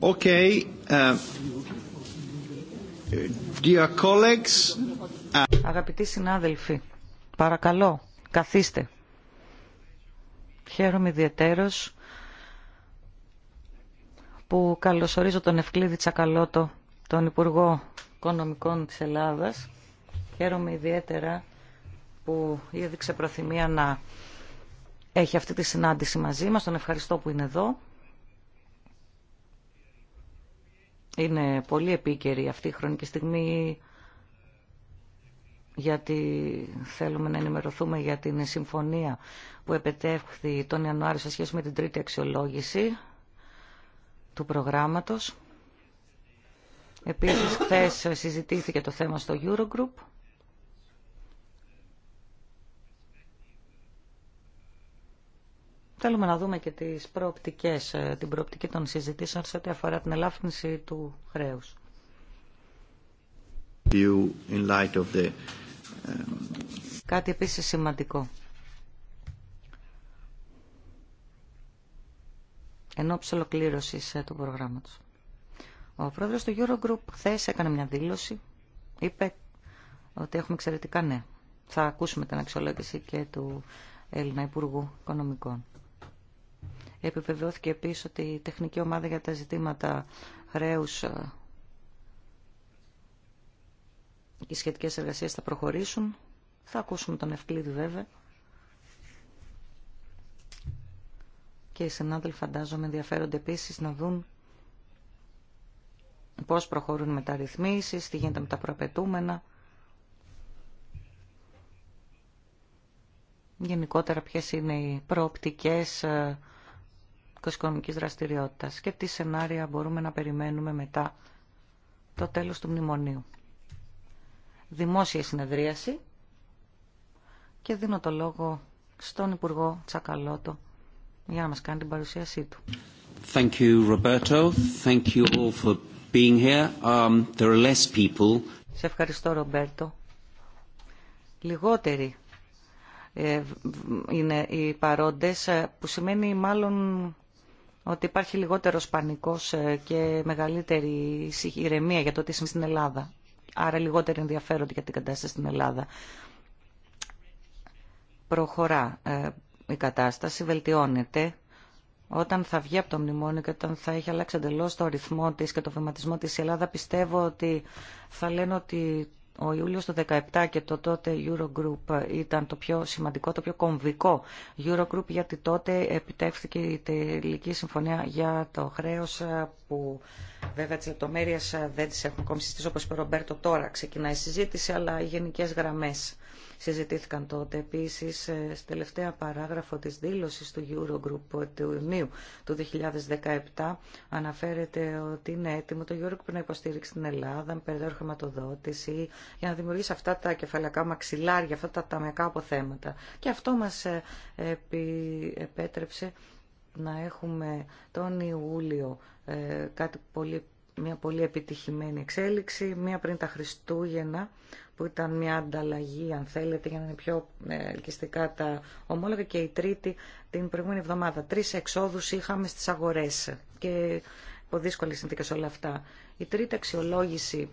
Okay. Uh, dear colleagues. Uh, Αγαπητοί συνάδελφοι, παρακαλώ, καθίστε. Χαίρομαι ιδιαίτερο που καλωσορίζω τον Ευκλήδη Τσακαλώτο, τον Υπουργό Οικονομικών της Ελλάδας. Χαίρομαι ιδιαίτερα που έδειξε προθυμία να έχει αυτή τη συνάντηση μαζί μας. Τον ευχαριστώ που είναι εδώ. Είναι πολύ επίκαιρη αυτή η χρονική στιγμή γιατί θέλουμε να ενημερωθούμε για την συμφωνία που επετεύχθη τον Ιανουάριο σε σχέση με την τρίτη αξιολόγηση του προγράμματος. Επίσης, χθε συζητήθηκε το θέμα στο Eurogroup. Θέλουμε να δούμε και τις προοπτικές, ε, την προοπτική των συζητήσεων σε ό,τι αφορά την ελάφρυνση του χρέους. In light of the... Ε, Κάτι επίσης σημαντικό. Ενώ ολοκλήρωση ε, του προγράμματος. Ο πρόεδρος του Eurogroup χθε έκανε μια δήλωση. Είπε ότι έχουμε εξαιρετικά ναι. Θα ακούσουμε την αξιολόγηση και του Έλληνα Υπουργού Οικονομικών. Επιβεβαιώθηκε επίσης ότι η τεχνική ομάδα για τα ζητήματα χρέους και ε, οι σχετικές εργασίες θα προχωρήσουν. Θα ακούσουμε τον Ευκλήδη βέβαια. Και οι συνάδελφοι φαντάζομαι ενδιαφέρονται επίσης να δουν πώς προχωρούν τα τα τι γίνεται με τα προαπαιτούμενα. Γενικότερα ποιες είναι οι προοπτικές ε, οικονομικής δραστηριότητας και τι σενάρια μπορούμε να περιμένουμε μετά το τέλος του μνημονίου. Δημόσια συνεδρίαση και δίνω το λόγο στον Υπουργό Τσακαλώτο για να μας κάνει την παρουσίασή του. Σε ευχαριστώ, Ρομπέρτο. Λιγότεροι ε, είναι οι παρόντες, ε, που σημαίνει μάλλον ότι υπάρχει λιγότερος πανικός ε, και μεγαλύτερη ηρεμία για το τι συμβαίνει στην Ελλάδα. Άρα λιγότερο ενδιαφέρονται για την κατάσταση στην Ελλάδα. Προχωρά ε, η κατάσταση, βελτιώνεται όταν θα βγει από το μνημόνιο και όταν θα έχει αλλάξει εντελώ το ρυθμό τη και το βηματισμό τη, η Ελλάδα πιστεύω ότι θα λένε ότι ο Ιούλιος του 2017 και το τότε Eurogroup ήταν το πιο σημαντικό, το πιο κομβικό Eurogroup γιατί τότε επιτεύχθηκε η τελική συμφωνία για το χρέος που βέβαια τις λεπτομέρειες δεν τις έχουν ακόμη συζητήσει όπως είπε ο Ρομπέρτο τώρα ξεκινάει η συζήτηση αλλά οι γενικές γραμμές συζητήθηκαν τότε. Επίσης, ε, στη τελευταία παράγραφο της δήλωσης του Eurogroup ε, του Ιουνίου του 2017 αναφέρεται ότι είναι έτοιμο το Eurogroup να υποστηρίξει την Ελλάδα με περαιτέρω χρηματοδότηση για να δημιουργήσει αυτά τα κεφαλακά μαξιλάρια, αυτά τα ταμιακά αποθέματα. Και αυτό μας ε, επέτρεψε να έχουμε τον Ιούλιο κάτι πολύ μια πολύ επιτυχημένη εξέλιξη, μια πριν τα Χριστούγεννα που ήταν μια ανταλλαγή, αν θέλετε, για να είναι πιο ε, ελκυστικά τα ομόλογα και η τρίτη την προηγούμενη εβδομάδα. Τρεις εξόδους είχαμε στις αγορές και υπό δύσκολες συνθήκες όλα αυτά. Η τρίτη αξιολόγηση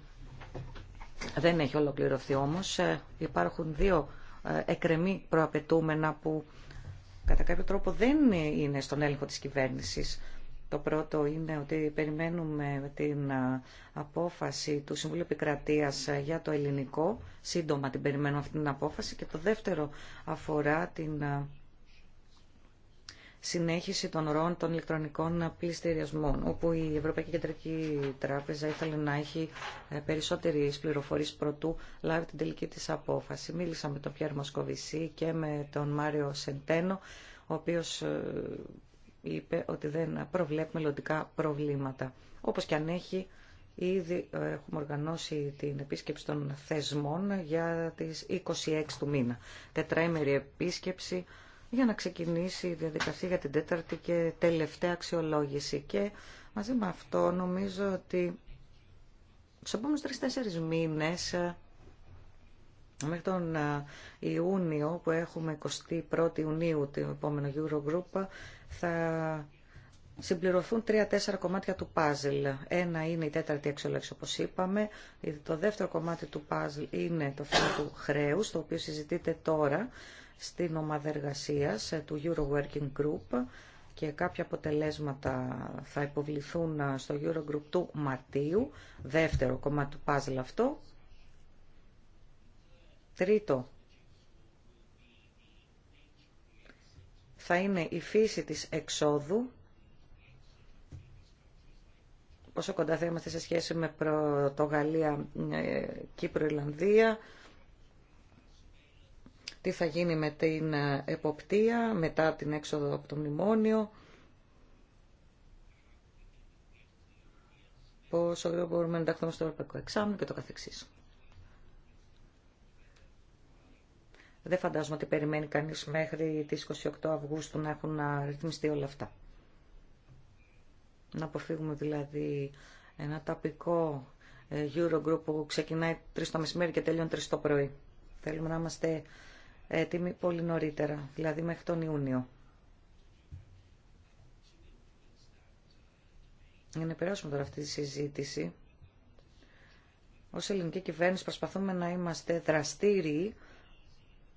δεν έχει ολοκληρωθεί όμως. Ε, υπάρχουν δύο ε, εκρεμή προαπαιτούμενα που κατά κάποιο τρόπο δεν είναι στον έλεγχο της κυβέρνησης. Το πρώτο είναι ότι περιμένουμε την απόφαση του Συμβουλίου Επικρατείας για το ελληνικό. Σύντομα την περιμένουμε αυτή την απόφαση. Και το δεύτερο αφορά την συνέχιση των ροών των ηλεκτρονικών πληστηριασμών, όπου η Ευρωπαϊκή Κεντρική Τράπεζα ήθελε να έχει ε, περισσότερες πληροφορίες προτού λάβει την τελική της απόφαση. Μίλησα με τον Πιέρ Μοσκοβισή και με τον Μάριο Σεντένο, ο οποίος ε, είπε ότι δεν προβλέπει μελλοντικά προβλήματα. Όπως και αν έχει, ήδη ε, έχουμε οργανώσει την επίσκεψη των θεσμών για τις 26 του μήνα. Τετραήμερη επίσκεψη για να ξεκινήσει η διαδικασία για την τέταρτη και τελευταία αξιολόγηση. Και μαζί με αυτό νομίζω ότι στους επόμενους τρεις-τέσσερις μήνες ε, μέχρι τον ε, Ιούνιο που έχουμε Ιουνίου του επόμενο Eurogroup θα συμπληρωθούν τρία-τέσσερα κομμάτια του πάζλ. Ένα είναι η τέταρτη αξιολόγηση, όπως είπαμε. Το δεύτερο κομμάτι του πάζλ είναι το θέμα του χρέους, το οποίο συζητείται τώρα στην ομάδα εργασία του Euro Working Group και κάποια αποτελέσματα θα υποβληθούν στο Eurogroup του Μαρτίου, δεύτερο κομμάτι του πάζλ αυτό. Τρίτο θα είναι η φύση της εξόδου, πόσο κοντά θα είμαστε σε σχέση με Πρωτογαλία, ε, Κύπρο, Ιρλανδία, τι θα γίνει με την ε, εποπτεία μετά την έξοδο από το μνημόνιο, πόσο γρήγορα μπορούμε να ενταχθούμε στο Ευρωπαϊκό Εξάμεινο και το καθεξής. Δεν φαντάζομαι ότι περιμένει κανείς μέχρι τις 28 Αυγούστου να έχουν ρυθμιστεί όλα αυτά. Να αποφύγουμε δηλαδή ένα ταπικό ε, Eurogroup που ξεκινάει 3 το μεσημέρι και τελειώνει 3 το πρωί. Θέλουμε να είμαστε έτοιμοι πολύ νωρίτερα, δηλαδή μέχρι τον Ιούνιο. Για να περάσουμε τώρα αυτή τη συζήτηση, ως ελληνική κυβέρνηση προσπαθούμε να είμαστε δραστήριοι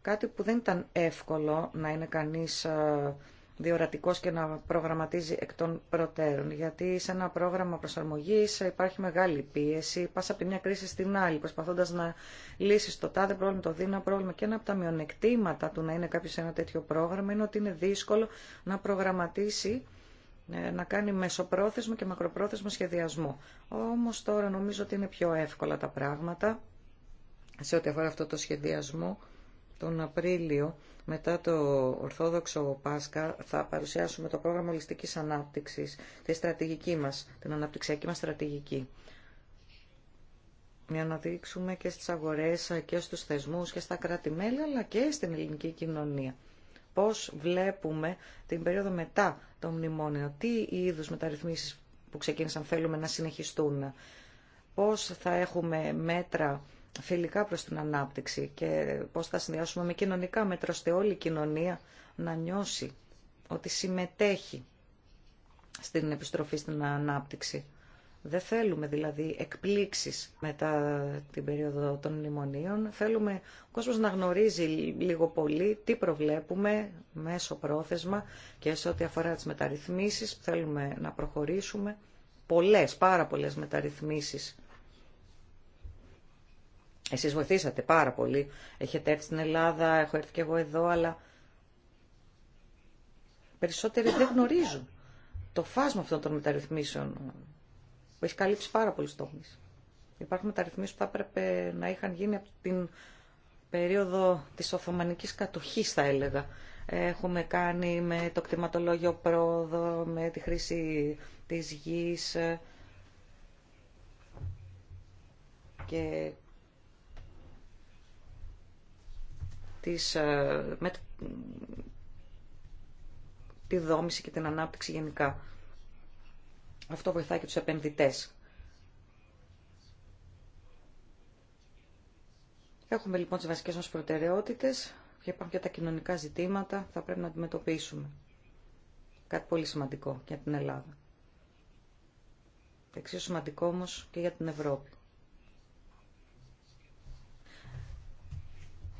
Κάτι που δεν ήταν εύκολο να είναι κανείς ε, διορατικός και να προγραμματίζει εκ των προτέρων. Γιατί σε ένα πρόγραμμα προσαρμογής υπάρχει μεγάλη πίεση, πας από μια κρίση στην άλλη, προσπαθώντας να λύσεις το τάδε πρόβλημα, το δίνα πρόβλημα. Και ένα από τα μειονεκτήματα του να είναι κάποιο σε ένα τέτοιο πρόγραμμα είναι ότι είναι δύσκολο να προγραμματίσει ε, να κάνει μεσοπρόθεσμο και μακροπρόθεσμο σχεδιασμό. Όμως τώρα νομίζω ότι είναι πιο εύκολα τα πράγματα σε ό,τι αφορά αυτό το σχεδιασμό τον Απρίλιο, μετά το Ορθόδοξο Πάσχα, θα παρουσιάσουμε το πρόγραμμα ολιστικής ανάπτυξης, τη στρατηγική μας, την αναπτυξιακή μας στρατηγική. Για να δείξουμε και στις αγορές και στους θεσμούς και στα κράτη-μέλη, αλλά και στην ελληνική κοινωνία. Πώς βλέπουμε την περίοδο μετά το μνημόνιο, τι είδους μεταρρυθμίσεις που ξεκίνησαν θέλουμε να συνεχιστούν, πώς θα έχουμε μέτρα φιλικά προς την ανάπτυξη και πώς θα συνδυάσουμε με κοινωνικά μέτρα ώστε όλη η κοινωνία να νιώσει ότι συμμετέχει στην επιστροφή στην ανάπτυξη. Δεν θέλουμε δηλαδή εκπλήξεις μετά την περίοδο των μνημονίων. Θέλουμε ο κόσμος να γνωρίζει λίγο πολύ τι προβλέπουμε μέσω πρόθεσμα και σε ό,τι αφορά τις μεταρρυθμίσεις θέλουμε να προχωρήσουμε. Πολλές, πάρα πολλές μεταρρυθμίσεις εσείς βοηθήσατε πάρα πολύ. Έχετε έρθει στην Ελλάδα, έχω έρθει και εγώ εδώ, αλλά περισσότεροι δεν γνωρίζουν το φάσμα αυτών των μεταρρυθμίσεων που έχει καλύψει πάρα πολλού τομεί. Υπάρχουν μεταρρυθμίσεις που θα έπρεπε να είχαν γίνει από την περίοδο της Οθωμανικής κατοχής θα έλεγα. Έχουμε κάνει με το κτηματολόγιο πρόοδο, με τη χρήση της γης και της, ε, με τη δόμηση και την ανάπτυξη γενικά. Αυτό βοηθάει και τους επενδυτές. Έχουμε λοιπόν τις βασικές μας προτεραιότητες και υπάρχουν και τα κοινωνικά ζητήματα που θα πρέπει να αντιμετωπίσουμε. Κάτι πολύ σημαντικό για την Ελλάδα. Εξίσου σημαντικό όμω και για την Ευρώπη.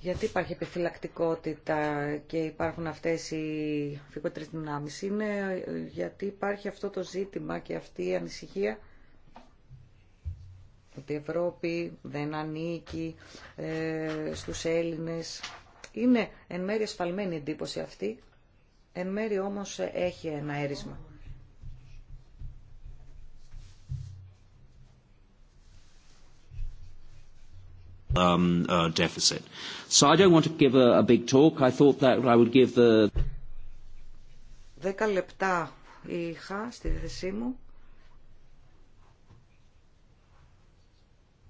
γιατί υπάρχει επιφυλακτικότητα και υπάρχουν αυτές οι φυγότερες δυνάμεις. Είναι ε, γιατί υπάρχει αυτό το ζήτημα και αυτή η ανησυχία ότι η Ευρώπη δεν ανήκει ε, στους Έλληνες. Είναι εν μέρει ασφαλμένη εντύπωση αυτή, εν μέρει όμως έχει ένα έρισμα. Um, uh, deficit. So I don't want to give a, a big talk. I thought that I would give the... Δέκα λεπτά είχα στη διάθεσή μου.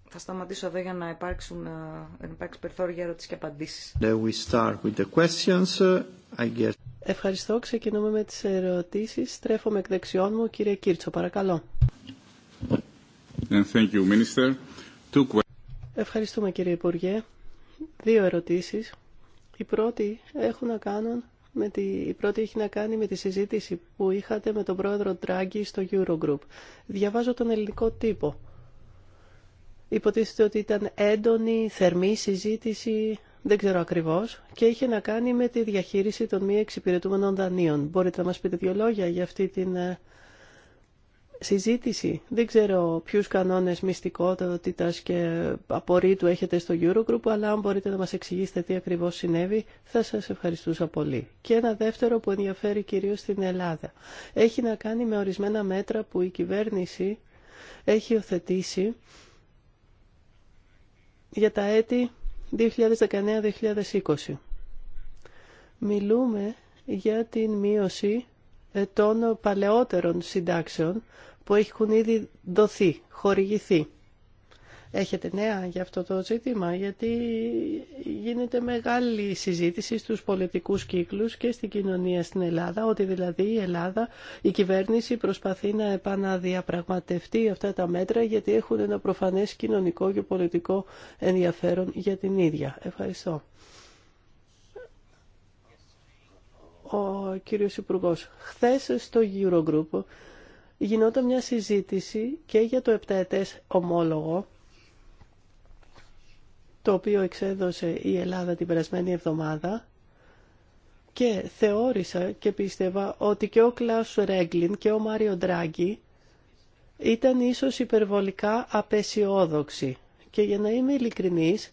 Θα σταματήσω εδώ για να υπάρξουν να υπάρξει περιθώριο για ερωτήσεις και απαντήσεις. We start with the questions, I guess. Ευχαριστώ. Ξεκινούμε με τις ερωτήσεις. Στρέφομαι εκ δεξιών μου. Κύριε Κίρτσο, παρακαλώ. And thank you, Minister. Two questions. Ευχαριστούμε κύριε Υπουργέ. Δύο ερωτήσεις. Η πρώτη έχουν να κάνουν με τη... η πρώτη έχει να κάνει με τη συζήτηση που είχατε με τον πρόεδρο Τράγκη στο Eurogroup. Διαβάζω τον ελληνικό τύπο. Υποτίθεται ότι ήταν έντονη, θερμή συζήτηση, δεν ξέρω ακριβώς, και είχε να κάνει με τη διαχείριση των μη εξυπηρετούμενων δανείων. Μπορείτε να μας πείτε δύο λόγια για αυτή την ε, συζήτηση. Δεν ξέρω ποιους κανόνες μυστικότητας και απορρίτου έχετε στο Eurogroup, αλλά αν μπορείτε να μας εξηγήσετε τι ακριβώς συνέβη, θα σας ευχαριστούσα πολύ. Και ένα δεύτερο που ενδιαφέρει κυρίως την Ελλάδα. Έχει να κάνει με ορισμένα μέτρα που η κυβέρνηση έχει οθετήσει για τα έτη 2019-2020. Μιλούμε για την μείωση των παλαιότερων συντάξεων που έχουν ήδη δοθεί, χορηγηθεί. Έχετε νέα για αυτό το ζήτημα, γιατί γίνεται μεγάλη συζήτηση στους πολιτικούς κύκλους και στην κοινωνία στην Ελλάδα, ότι δηλαδή η Ελλάδα, η κυβέρνηση προσπαθεί να επαναδιαπραγματευτεί αυτά τα μέτρα, γιατί έχουν ένα προφανές κοινωνικό και πολιτικό ενδιαφέρον για την ίδια. Ευχαριστώ. Ο κύριος Υπουργός, χθες στο Eurogroup γινόταν μια συζήτηση και για το επταετές ομόλογο το οποίο εξέδωσε η Ελλάδα την περασμένη εβδομάδα και θεώρησα και πίστευα ότι και ο Κλάους Ρέγκλιν και ο Μάριο Ντράγκη ήταν ίσως υπερβολικά απεσιόδοξοι. Και για να είμαι ειλικρινής,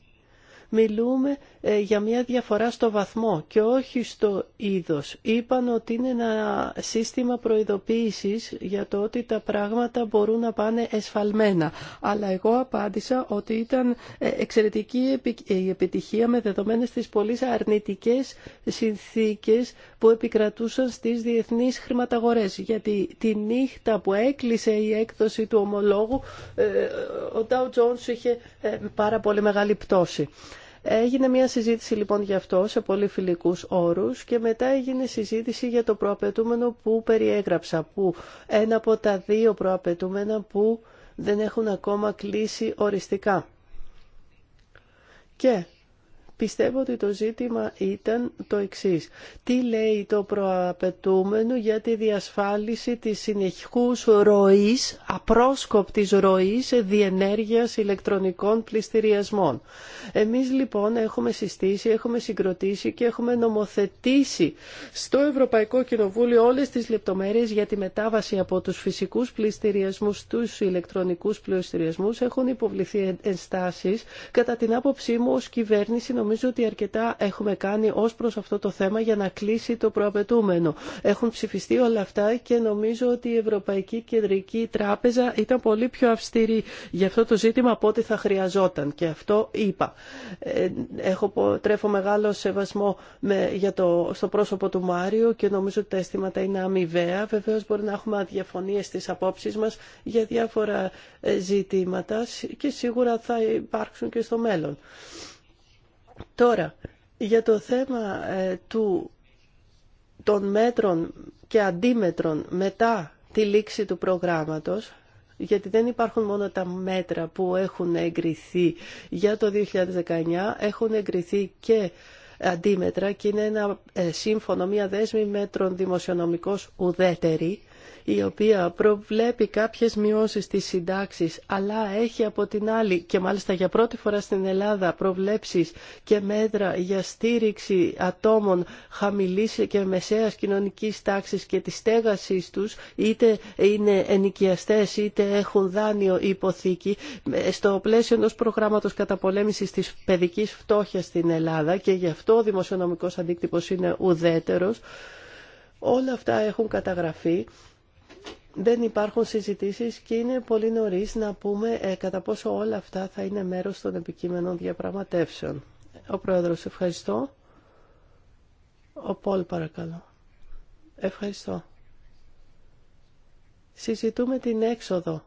μιλούμε ε, για μια διαφορά στο βαθμό και όχι στο είδος. Είπαν ότι είναι ένα σύστημα προειδοποίησης για το ότι τα πράγματα μπορούν να πάνε εσφαλμένα. Αλλά εγώ απάντησα ότι ήταν ε, εξαιρετική η επιτυχία με δεδομένες τις πολύ αρνητικές συνθήκες που επικρατούσαν στις διεθνείς χρηματαγορές. Γιατί τη νύχτα που έκλεισε η έκδοση του ομολόγου, ε, ο Dow Jones είχε ε, πάρα πολύ μεγάλη πτώση. Έγινε μια συζήτηση λοιπόν γι' αυτό σε πολύ φιλικούς όρους και μετά έγινε συζήτηση για το προαπαιτούμενο που περιέγραψα, που ένα από τα δύο προαπαιτούμενα που δεν έχουν ακόμα κλείσει οριστικά. Και Πιστεύω ότι το ζήτημα ήταν το εξής. Τι λέει το προαπαιτούμενο για τη διασφάλιση της συνεχούς ροής, απρόσκοπτης ροής διενέργειας ηλεκτρονικών πληστηριασμών. Εμείς λοιπόν έχουμε συστήσει, έχουμε συγκροτήσει και έχουμε νομοθετήσει στο Ευρωπαϊκό Κοινοβούλιο όλες τις λεπτομέρειες για τη μετάβαση από τους φυσικούς πληστηριασμούς στους ηλεκτρονικούς πληστηριασμούς. Έχουν υποβληθεί ενστάσεις. Κατά την άποψή μου ως κυβέρνηση νομίζω ότι αρκετά έχουμε κάνει ως προς αυτό το θέμα για να κλείσει το προαπαιτούμενο. Έχουν ψηφιστεί όλα αυτά και νομίζω ότι η Ευρωπαϊκή Κεντρική Τράπεζα ήταν πολύ πιο αυστηρή για αυτό το ζήτημα από ό,τι θα χρειαζόταν. Και αυτό είπα. Ε, έχω, τρέφω μεγάλο σεβασμό με, για το, στο πρόσωπο του Μάριου και νομίζω ότι τα αισθήματα είναι αμοιβαία. Βεβαίως μπορεί να έχουμε αδιαφωνίες στις απόψεις μας για διάφορα ε, ζητήματα και σίγουρα θα υπάρξουν και στο μέλλον. Τώρα, για το θέμα ε, του, των μέτρων και αντίμετρων μετά τη λήξη του προγράμματος, γιατί δεν υπάρχουν μόνο τα μέτρα που έχουν εγκριθεί για το 2019, έχουν εγκριθεί και αντίμετρα και είναι ένα ε, σύμφωνο, μια δέσμη μέτρων δημοσιονομικός ουδέτερη η οποία προβλέπει κάποιες μειώσεις στις συντάξεις αλλά έχει από την άλλη και μάλιστα για πρώτη φορά στην Ελλάδα προβλέψεις και μέτρα για στήριξη ατόμων χαμηλής και μεσαίας κοινωνικής τάξης και της στέγασής τους είτε είναι ενοικιαστές είτε έχουν δάνειο υποθήκη στο πλαίσιο ενός προγράμματος καταπολέμησης της παιδικής φτώχειας στην Ελλάδα και γι' αυτό ο δημοσιονομικός αντίκτυπος είναι ουδέτερος. Όλα αυτά έχουν καταγραφεί δεν υπάρχουν συζητήσεις και είναι πολύ νωρίς να πούμε ε, κατά πόσο όλα αυτά θα είναι μέρος των επικείμενων διαπραγματεύσεων. Ο Πρόεδρος, ευχαριστώ. Ο Πολ, παρακαλώ. Ευχαριστώ. Συζητούμε την έξοδο,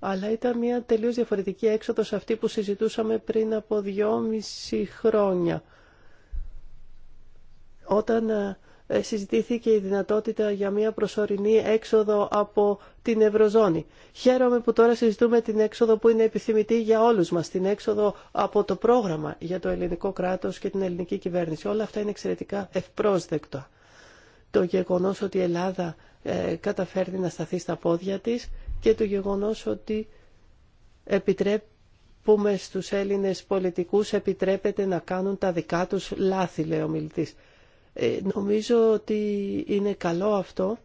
αλλά ήταν μια τελείως διαφορετική έξοδος αυτή που συζητούσαμε πριν από δυόμιση χρόνια. Όταν ε, ε, συζητήθηκε η δυνατότητα για μια προσωρινή έξοδο από την Ευρωζώνη. Χαίρομαι που τώρα συζητούμε την έξοδο που είναι επιθυμητή για όλους μας, την έξοδο από το πρόγραμμα για το ελληνικό κράτος και την ελληνική κυβέρνηση. Όλα αυτά είναι εξαιρετικά ευπρόσδεκτα. Το γεγονός ότι η Ελλάδα ε, καταφέρνει να σταθεί στα πόδια της και το γεγονός ότι επιτρέπουμε στους Έλληνες πολιτικούς επιτρέπεται να κάνουν τα δικά τους λάθη, λέει ο μιλητής. Ε, νομίζω ότι είναι καλό αυτό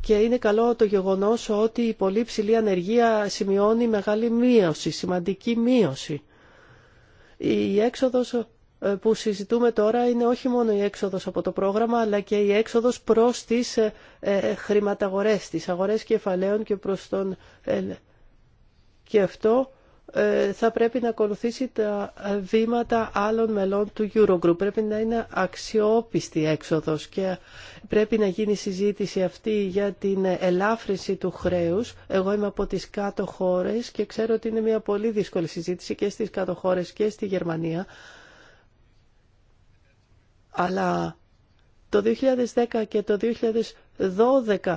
και είναι καλό το γεγονός ότι η πολύ ψηλή ανεργία σημειώνει μεγάλη μείωση, σημαντική μείωση. Η έξοδος ε, που συζητούμε τώρα είναι όχι μόνο η έξοδος από το πρόγραμμα αλλά και η έξοδος προς τις ε, χρηματαγορές, τις αγορές κεφαλαίων και προς τον... Και αυτό ε, θα πρέπει να ακολουθήσει τα βήματα άλλων μελών του Eurogroup. Πρέπει να είναι αξιόπιστη έξοδος και πρέπει να γίνει συζήτηση αυτή για την ελάφρυνση του χρέους. Εγώ είμαι από τις κάτω χώρες και ξέρω ότι είναι μια πολύ δύσκολη συζήτηση και στις κάτω χώρες και στη Γερμανία. Αλλά το 2010 και το 2012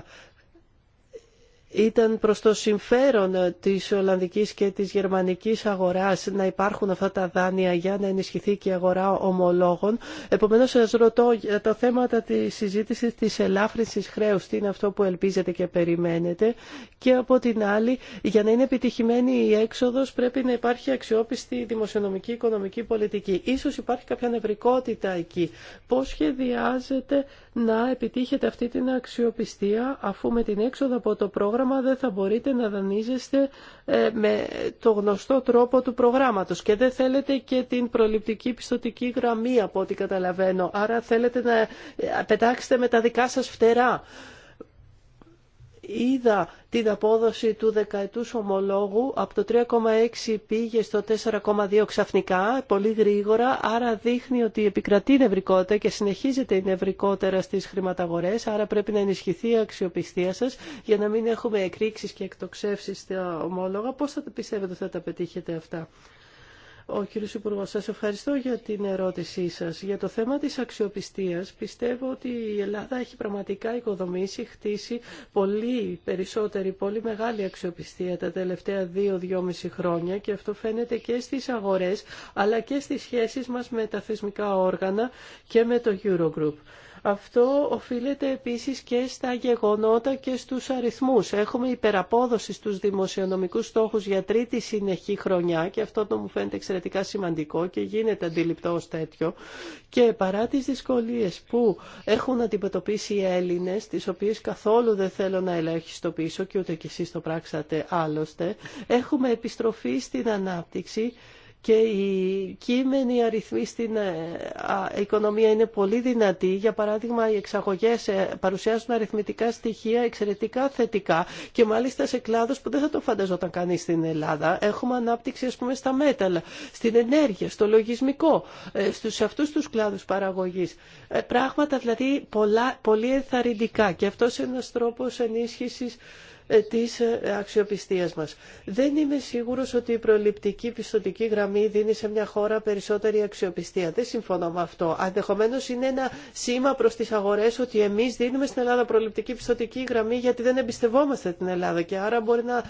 ήταν προς το συμφέρον ε, της Ολλανδικής και της Γερμανικής αγοράς να υπάρχουν αυτά τα δάνεια για να ενισχυθεί και η αγορά ομολόγων. Επομένως σας ρωτώ για τα θέματα της συζήτησης της ελάφρυνσης χρέους, τι είναι αυτό που ελπίζετε και περιμένετε και από την άλλη για να είναι επιτυχημένη η έξοδος πρέπει να υπάρχει αξιόπιστη δημοσιονομική οικονομική πολιτική. Ίσως υπάρχει κάποια νευρικότητα εκεί. Πώς σχεδιάζετε να επιτύχετε αυτή την αξιοπιστία αφού με την έξοδο από το πρόγραμμα πρόγραμμα δεν θα μπορείτε να δανείζεστε ε, με το γνωστό τρόπο του προγράμματος και δεν θέλετε και την προληπτική πιστοτική γραμμή από ό,τι καταλαβαίνω. Άρα θέλετε να ε, πετάξετε με τα δικά σας φτερά είδα την απόδοση του δεκαετούς ομολόγου από το 3,6 πήγε στο 4,2 ξαφνικά, πολύ γρήγορα, άρα δείχνει ότι επικρατεί νευρικότητα και συνεχίζεται η νευρικότερα στις χρηματαγορές, άρα πρέπει να ενισχυθεί η αξιοπιστία σας για να μην έχουμε εκρήξεις και εκτοξεύσεις στα ομόλογα. Πώς θα πιστεύετε ότι θα τα πετύχετε αυτά. Ο κύριος Υπουργός, σας ευχαριστώ για την ερώτησή σας. Για το θέμα της αξιοπιστίας, πιστεύω ότι η Ελλάδα έχει πραγματικά οικοδομήσει, χτίσει πολύ περισσότερη, πολύ μεγάλη αξιοπιστία τα τελευταία δύο-δυόμιση χρόνια και αυτό φαίνεται και στις αγορές, αλλά και στις σχέσεις μας με τα θεσμικά όργανα και με το Eurogroup. Αυτό οφείλεται επίσης και στα γεγονότα και στους αριθμούς. Έχουμε υπεραπόδοση στους δημοσιονομικούς στόχους για τρίτη συνεχή χρονιά και αυτό το μου φαίνεται εξαιρετικά σημαντικό και γίνεται αντιληπτό ως τέτοιο. Και παρά τις δυσκολίες που έχουν αντιμετωπίσει οι Έλληνες, τις οποίες καθόλου δεν θέλω να πίσω και ούτε κι εσείς το πράξατε άλλωστε, έχουμε επιστροφή στην ανάπτυξη και η κείμενοι αριθμοί στην ε, οικονομία είναι πολύ δυνατή. Για παράδειγμα, οι εξαγωγές ε, παρουσιάζουν αριθμητικά στοιχεία εξαιρετικά θετικά και μάλιστα σε κλάδους που δεν θα το φανταζόταν κανείς στην Ελλάδα. Έχουμε ανάπτυξη, ας πούμε, στα μέταλλα, στην ενέργεια, στο λογισμικό, ε, στους, σε αυτούς τους κλάδους παραγωγής. Πράγματα, δηλαδή, πολύ ενθαρρυντικά και αυτός είναι ένας τρόπος ενίσχυσης ε, της ε, αξιοπιστίας μας. Δεν είμαι σίγουρος ότι η προληπτική πιστοτική γραμμή δίνει σε μια χώρα περισσότερη αξιοπιστία. Δεν συμφωνώ με αυτό. Αντεχομένω είναι ένα σήμα προς τις αγορές ότι εμείς δίνουμε στην Ελλάδα προληπτική πιστοτική γραμμή γιατί δεν εμπιστευόμαστε την Ελλάδα και άρα μπορεί να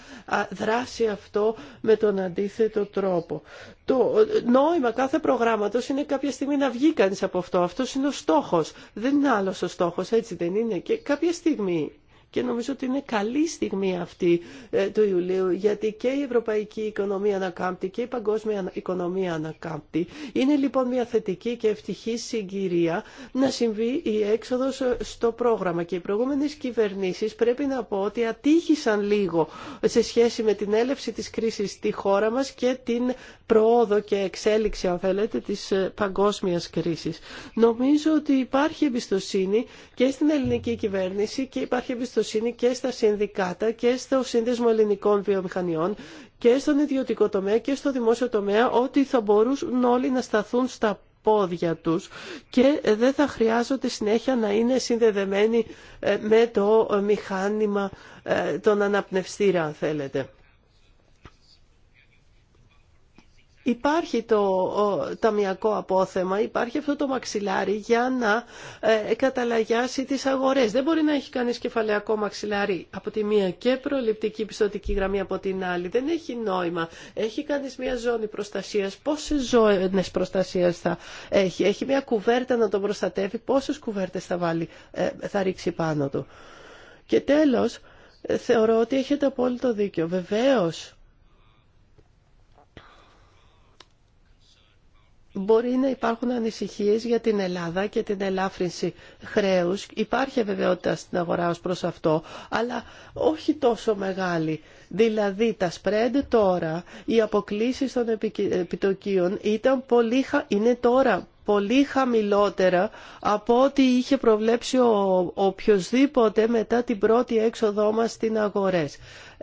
δράσει αυτό με τον αντίθετο τρόπο. Το ε, νόημα κάθε προγράμματος είναι κάποια στιγμή να βγει κανείς από αυτό. Αυτός είναι ο στόχος. Δεν είναι άλλος ο στόχος, έτσι δεν είναι. Και κάποια στιγμή και νομίζω ότι είναι καλή στιγμή αυτή ε, του Ιουλίου γιατί και η ευρωπαϊκή οικονομία ανακάμπτει και η παγκόσμια οικονομία ανακάμπτει. Είναι λοιπόν μια θετική και ευτυχή συγκυρία να συμβεί η έξοδος ε, στο πρόγραμμα και οι προηγούμενες κυβερνήσεις πρέπει να πω ότι ατύχησαν λίγο σε σχέση με την έλευση της κρίσης στη χώρα μας και την προόδο και εξέλιξη αν θέλετε της ε, παγκόσμιας κρίσης. Νομίζω ότι υπάρχει εμπιστοσύνη και στην ελληνική κυβέρνηση και υπάρχει εμπιστοσύνη εμπιστοσύνη και στα συνδικάτα και στο Σύνδεσμο Ελληνικών Βιομηχανιών και στον ιδιωτικό τομέα και στο δημόσιο τομέα ότι θα μπορούσαν όλοι να σταθούν στα πόδια τους και ε, δεν θα χρειάζονται συνέχεια να είναι συνδεδεμένοι ε, με το μηχάνημα, ε, των αναπνευστήρα αν θέλετε. Υπάρχει το ταμιακό απόθεμα, υπάρχει αυτό το μαξιλάρι για να ε, καταλαγιάσει τις αγορές. Δεν μπορεί να έχει κανείς κεφαλαιακό μαξιλάρι από τη μία και προληπτική πιστοτική γραμμή από την άλλη. Δεν έχει νόημα. Έχει κανείς μία ζώνη προστασίας. Πόσες ζώνες προστασίας θα έχει. Έχει μία κουβέρτα να τον προστατεύει. Πόσες κουβέρτες θα, βάλει, ε, θα ρίξει πάνω του. Και τέλος, ε, θεωρώ ότι έχετε απόλυτο δίκιο. Βεβαίως, μπορεί να υπάρχουν ανησυχίες για την Ελλάδα και την ελάφρυνση χρέους. Υπάρχει βεβαιότητα στην αγορά ως προς αυτό, αλλά όχι τόσο μεγάλη. Δηλαδή τα spread τώρα, οι αποκλήσεις των επιτοκίων ήταν πολύ, είναι τώρα πολύ χαμηλότερα από ό,τι είχε προβλέψει ο οποιοδήποτε μετά την πρώτη έξοδό μας στην αγορές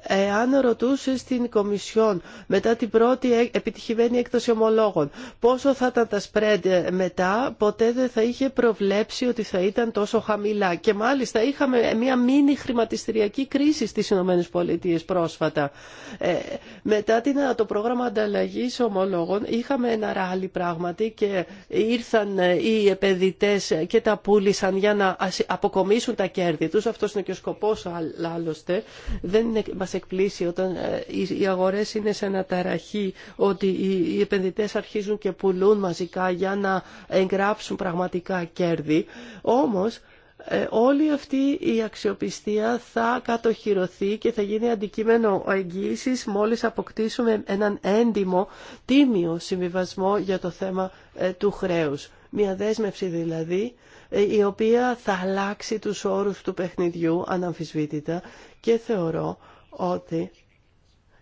εάν ρωτούσε στην Κομισιόν μετά την πρώτη ε, επιτυχημένη έκδοση ομολόγων πόσο θα ήταν τα spread ε, μετά, ποτέ δεν θα είχε προβλέψει ότι θα ήταν τόσο χαμηλά. Και μάλιστα είχαμε μια μήνυ χρηματιστηριακή κρίση στις ΗΠΑ πρόσφατα. Ε, μετά την, το πρόγραμμα ανταλλαγή ομολόγων είχαμε ένα ράλι πράγματι και ήρθαν ε, οι επενδυτές και τα πούλησαν για να αποκομίσουν τα κέρδη τους. Αυτός είναι και ο σκοπός άλλωστε. Δεν είναι, μας εκπλήσει όταν ε, οι αγορές είναι σε αναταραχή, ότι οι επενδυτές αρχίζουν και πουλούν μαζικά για να εγγράψουν πραγματικά κέρδη. Όμως, ε, όλη αυτή η αξιοπιστία θα κατοχυρωθεί και θα γίνει αντικείμενο εγγύησης μόλις αποκτήσουμε έναν έντιμο, τίμιο συμβιβασμό για το θέμα ε, του χρέους. Μια δέσμευση δηλαδή η οποία θα αλλάξει τους όρους του παιχνιδιού αναμφισβήτητα και θεωρώ ότι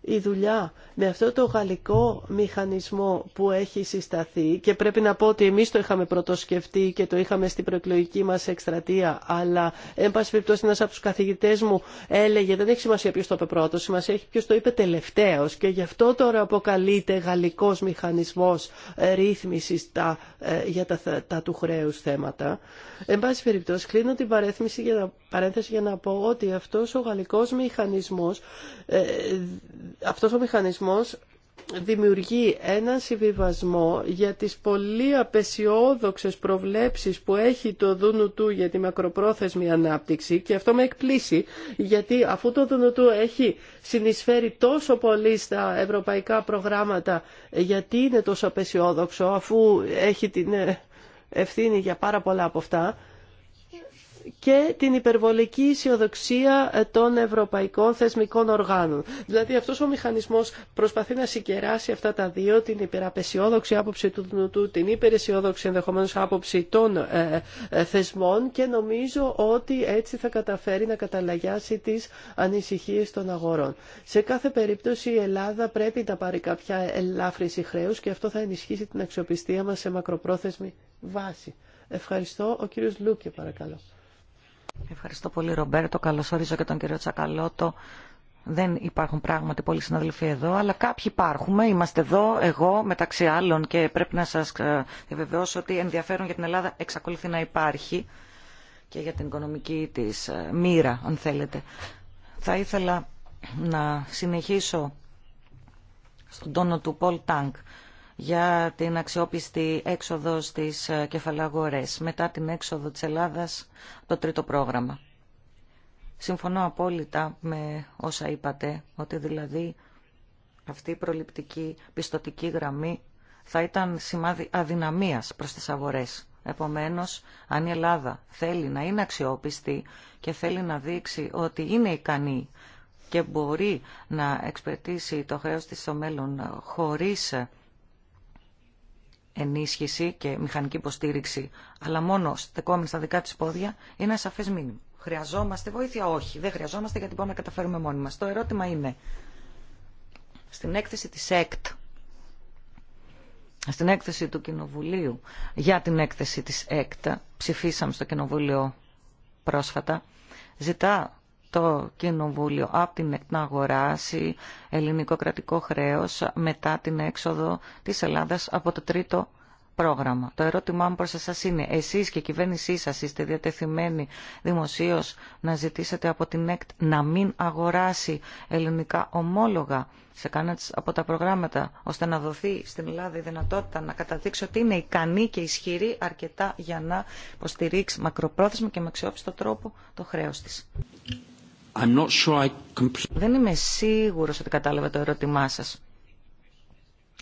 η δουλειά με αυτό το γαλλικό μηχανισμό που έχει συσταθεί και πρέπει να πω ότι εμείς το είχαμε πρωτοσκεφτεί και το είχαμε στην προεκλογική μας εκστρατεία αλλά εν πάση περιπτώσει ένας από τους καθηγητές μου έλεγε δεν έχει σημασία ποιος το είπε πρώτο, σημασία έχει ποιος το είπε τελευταίος και γι' αυτό τώρα αποκαλείται γαλλικός μηχανισμός ρύθμισης τα, ε, για τα, τα του χρέου θέματα. Εν πάση περιπτώσει κλείνω την παρέθμιση για να, παρένθεση για να πω ότι αυτός ο γαλλικός μηχανισμός ε, αυτός ο μηχανισμός δημιουργεί ένα συμβιβασμό για τις πολύ απεσιόδοξες προβλέψεις που έχει το ΔΝΤ για τη μακροπρόθεσμη ανάπτυξη και αυτό με εκπλήσει γιατί αφού το ΔΝΤ έχει συνεισφέρει τόσο πολύ στα ευρωπαϊκά προγράμματα γιατί είναι τόσο απεσιόδοξο αφού έχει την ε, ευθύνη για πάρα πολλά από αυτά και την υπερβολική αισιοδοξία ε, των ευρωπαϊκών θεσμικών οργάνων. Δηλαδή αυτός ο μηχανισμός προσπαθεί να συγκεράσει αυτά τα δύο, την υπεραπεσιόδοξη άποψη του Δουνουτού, την υπεραισιόδοξη ενδεχομένως άποψη των ε, ε, θεσμών και νομίζω ότι έτσι θα καταφέρει να καταλαγιάσει τις ανησυχίες των αγορών. Σε κάθε περίπτωση η Ελλάδα πρέπει να πάρει κάποια ελάφρυση χρέους και αυτό θα ενισχύσει την αξιοπιστία μας σε μακροπρόθεσμη βάση. Ευχαριστώ. Ο κύριος Λούκε παρακαλώ. Ευχαριστώ πολύ Ρομπέρτο. ορίζω και τον κύριο Τσακαλώτο. Δεν υπάρχουν πράγματι πολλοί συναδελφοί εδώ, αλλά κάποιοι υπάρχουμε. Είμαστε εδώ, εγώ μεταξύ άλλων και πρέπει να σας ε, βεβαιώσω ότι ενδιαφέρον για την Ελλάδα εξακολουθεί να υπάρχει και για την οικονομική της ε, μοίρα, αν θέλετε. Θα ήθελα να συνεχίσω στον τόνο του Πολ Τάνκ για την αξιόπιστη έξοδο στις ε, κεφαλαγορές μετά την έξοδο της Ελλάδας το τρίτο πρόγραμμα. Συμφωνώ απόλυτα με όσα είπατε, ότι δηλαδή αυτή η προληπτική πιστοτική γραμμή θα ήταν σημάδι αδυναμίας προς τις αγορές. Επομένως, αν η Ελλάδα θέλει να είναι αξιόπιστη και θέλει να δείξει ότι είναι ικανή και μπορεί να εξπερτήσει το χρέος της στο μέλλον ε, χωρίς ε, ενίσχυση και μηχανική υποστήριξη, αλλά μόνο στεκόμενη στα δικά τη πόδια, είναι ένα σαφές μήνυμα. Χρειαζόμαστε βοήθεια, όχι. Δεν χρειαζόμαστε γιατί μπορούμε να καταφέρουμε μόνοι μας. Το ερώτημα είναι, στην έκθεση της ΕΚΤ, στην έκθεση του Κοινοβουλίου, για την έκθεση της ΕΚΤ, ψηφίσαμε στο Κοινοβούλιο πρόσφατα, ζητά το Κοινοβούλιο από την να αγοράσει ελληνικό κρατικό χρέος μετά την έξοδο της Ελλάδας από το τρίτο πρόγραμμα. Το ερώτημά μου προς εσάς είναι, εσείς και η κυβέρνησή σας είστε διατεθειμένοι δημοσίως να ζητήσετε από την ΕΚΤ να μην αγοράσει ελληνικά ομόλογα σε κανένα από τα προγράμματα, ώστε να δοθεί στην Ελλάδα η δυνατότητα να καταδείξει ότι είναι ικανή και ισχυρή αρκετά για να υποστηρίξει μακροπρόθεσμα και με αξιόπιστο τρόπο το χρέος της. Δεν είμαι σίγουρος ότι κατάλαβα το ερώτημά σας.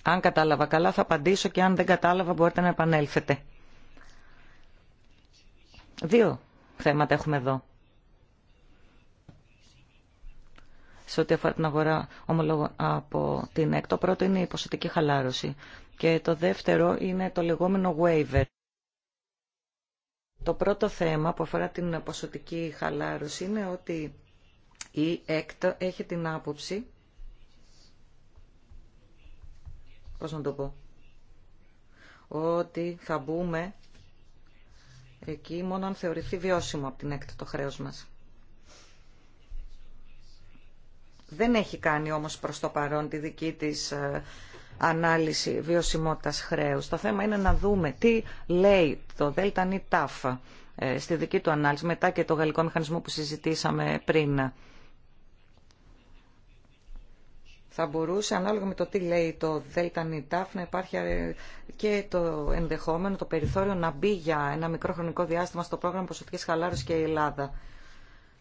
Αν κατάλαβα καλά θα απαντήσω και αν δεν κατάλαβα μπορείτε να επανέλθετε. Δύο θέματα έχουμε εδώ. σε ό,τι αφορά την αγορά ομολόγω από την έκτο, Το πρώτο είναι η ποσοτική χαλάρωση και το δεύτερο είναι το λεγόμενο waiver. Το πρώτο θέμα που αφορά την ποσοτική χαλάρωση είναι ότι η ΕΚΤ έχει την άποψη, πώς να το ότι θα μπούμε εκεί μόνο αν θεωρηθεί βιώσιμο από την ΕΚΤ το χρέος μας. Δεν έχει κάνει όμως προς το παρόν τη δική της ε, ανάλυση βιωσιμότητας χρέους. Το θέμα είναι να δούμε τι λέει το ΔΝΤ ε, στη δική του ανάλυση μετά και το γαλλικό μηχανισμό που συζητήσαμε πριν θα μπορούσε ανάλογα με το τι λέει το ΔΝΤ να υπάρχει ε, και το ενδεχόμενο, το περιθώριο να μπει για ένα μικρό χρονικό διάστημα στο πρόγραμμα ποσοτικής χαλάρωσης και η Ελλάδα.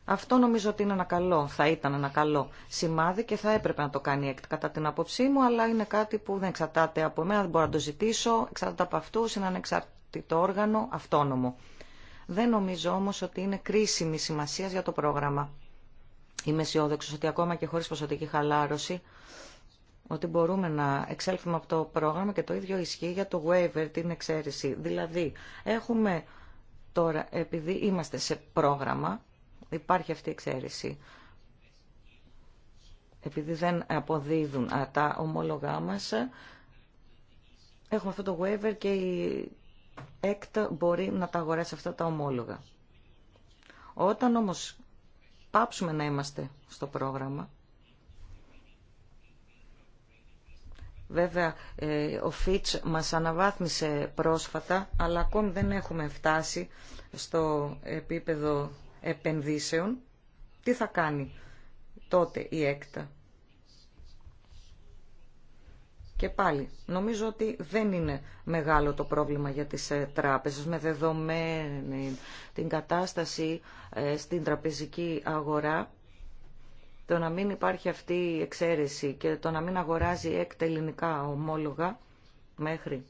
Αυτό νομίζω ότι είναι ένα καλό, θα ήταν ένα καλό σημάδι και θα έπρεπε να το κάνει κατά την απόψή μου, αλλά είναι κάτι που δεν εξαρτάται από εμένα, δεν μπορώ να το ζητήσω, εξαρτάται από αυτούς, είναι ανεξαρτητό όργανο, αυτόνομο. Δεν νομίζω όμως ότι είναι κρίσιμη σημασία για το πρόγραμμα. Είμαι αισιόδοξο ότι ακόμα και χωρίς ποσοτική χαλάρωση ότι μπορούμε να εξέλθουμε από το πρόγραμμα και το ίδιο ισχύει για το waiver, την εξαίρεση. Δηλαδή, έχουμε τώρα, επειδή είμαστε σε πρόγραμμα, υπάρχει αυτή η εξαίρεση. Επειδή δεν αποδίδουν τα ομόλογά μας, έχουμε αυτό το waiver και η ΕΚΤ μπορεί να τα αγοράσει αυτά τα ομόλογα. Όταν όμως πάψουμε να είμαστε στο πρόγραμμα. Βέβαια, ε, ο Φίτς μας αναβάθμισε πρόσφατα, αλλά ακόμη δεν έχουμε φτάσει στο επίπεδο επενδύσεων. Τι θα κάνει τότε η ΕΚΤΑ. Και πάλι, νομίζω ότι δεν είναι μεγάλο το πρόβλημα για τις ε, τράπεζες με δεδομένη την κατάσταση ε, στην τραπεζική αγορά, το να μην υπάρχει αυτή η εξαίρεση και το να μην αγοράζει ελληνικά ομόλογα μέχρι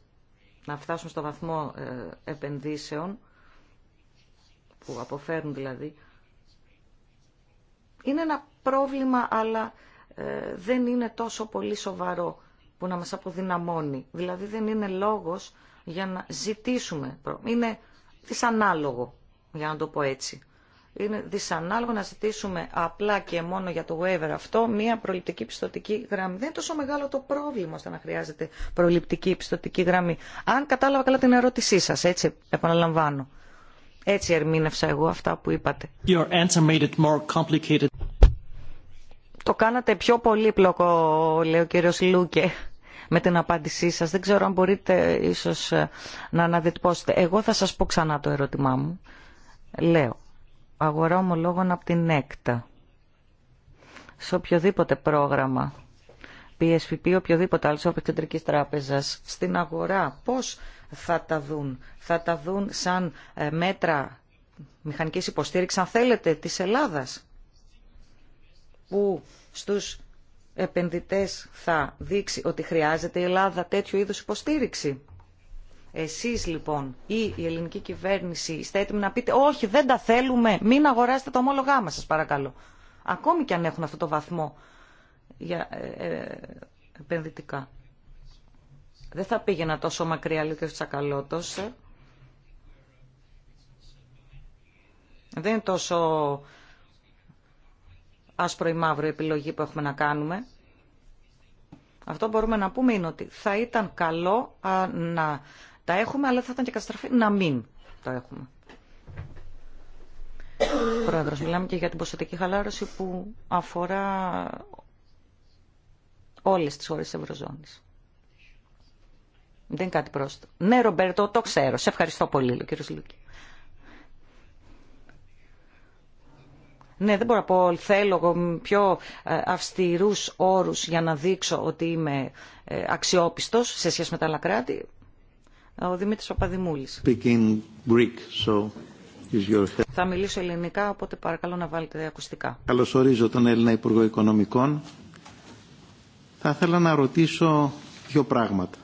να φτάσουν στο βαθμό ε, επενδύσεων, που αποφέρουν δηλαδή, είναι ένα πρόβλημα αλλά ε, δεν είναι τόσο πολύ σοβαρό που να μας αποδυναμώνει. Δηλαδή δεν είναι λόγος για να ζητήσουμε. Είναι δυσανάλογο, για να το πω έτσι είναι δυσανάλογο να ζητήσουμε απλά και μόνο για το waiver αυτό μια προληπτική πιστοτική γραμμή. Δεν είναι τόσο μεγάλο το πρόβλημα ώστε να χρειάζεται προληπτική πιστοτική γραμμή. Αν κατάλαβα καλά την ερώτησή σας, έτσι επαναλαμβάνω. Έτσι ερμήνευσα εγώ αυτά που είπατε. Το κάνατε πιο πολύπλοκο, λέει ο κύριος Λούκε με την απάντησή σας. Δεν ξέρω αν μπορείτε ίσως να αναδιτυπώσετε. Εγώ θα σας πω ξανά το ερώτημά μου. Λέω, αγορά ομολόγων από την ΕΚΤΑ σε οποιοδήποτε πρόγραμμα PSPP, οποιοδήποτε άλλο από κεντρική τράπεζα, στην αγορά πώς θα τα δουν θα τα δουν σαν ε, μέτρα μηχανικής υποστήριξης αν θέλετε της Ελλάδας που στους επενδυτές θα δείξει ότι χρειάζεται η Ελλάδα τέτοιου είδους υποστήριξη εσείς λοιπόν ή η ελληνική κυβέρνηση είστε έτοιμοι να πείτε όχι δεν τα θέλουμε, μην αγοράσετε το ομόλογά μας σας παρακαλώ. Ακόμη και αν έχουν αυτό το βαθμό για ε, ε επενδυτικά. Δεν θα πήγαινα τόσο μακριά λίγο και τσακαλώτος. Ε. Δεν είναι τόσο άσπρο ή μαύρο η επιλογή που έχουμε να κάνουμε. Αυτό μπορούμε να πούμε είναι ότι θα ήταν καλό να τα έχουμε, αλλά θα ήταν και καταστροφή να μην τα έχουμε. Πρόεδρος, μιλάμε και για την ποσοτική χαλάρωση που αφορά όλες τις χώρες της Ευρωζώνης. Δεν είναι κάτι πρόσθετο. Ναι, Ρομπέρτο, το ξέρω. Σε ευχαριστώ πολύ, ο κύριος Λούκη. Ναι, δεν μπορώ να πω, θέλω πιο ε, αυστηρούς όρους για να δείξω ότι είμαι ε, αξιόπιστος σε σχέση με τα άλλα κράτη ο Δημήτρης Παπαδημούλης. Greek, so Θα μιλήσω ελληνικά, οπότε παρακαλώ να βάλετε ακουστικά. Καλωσορίζω τον Έλληνα Υπουργό Οικονομικών. Θα ήθελα να ρωτήσω δύο πράγματα.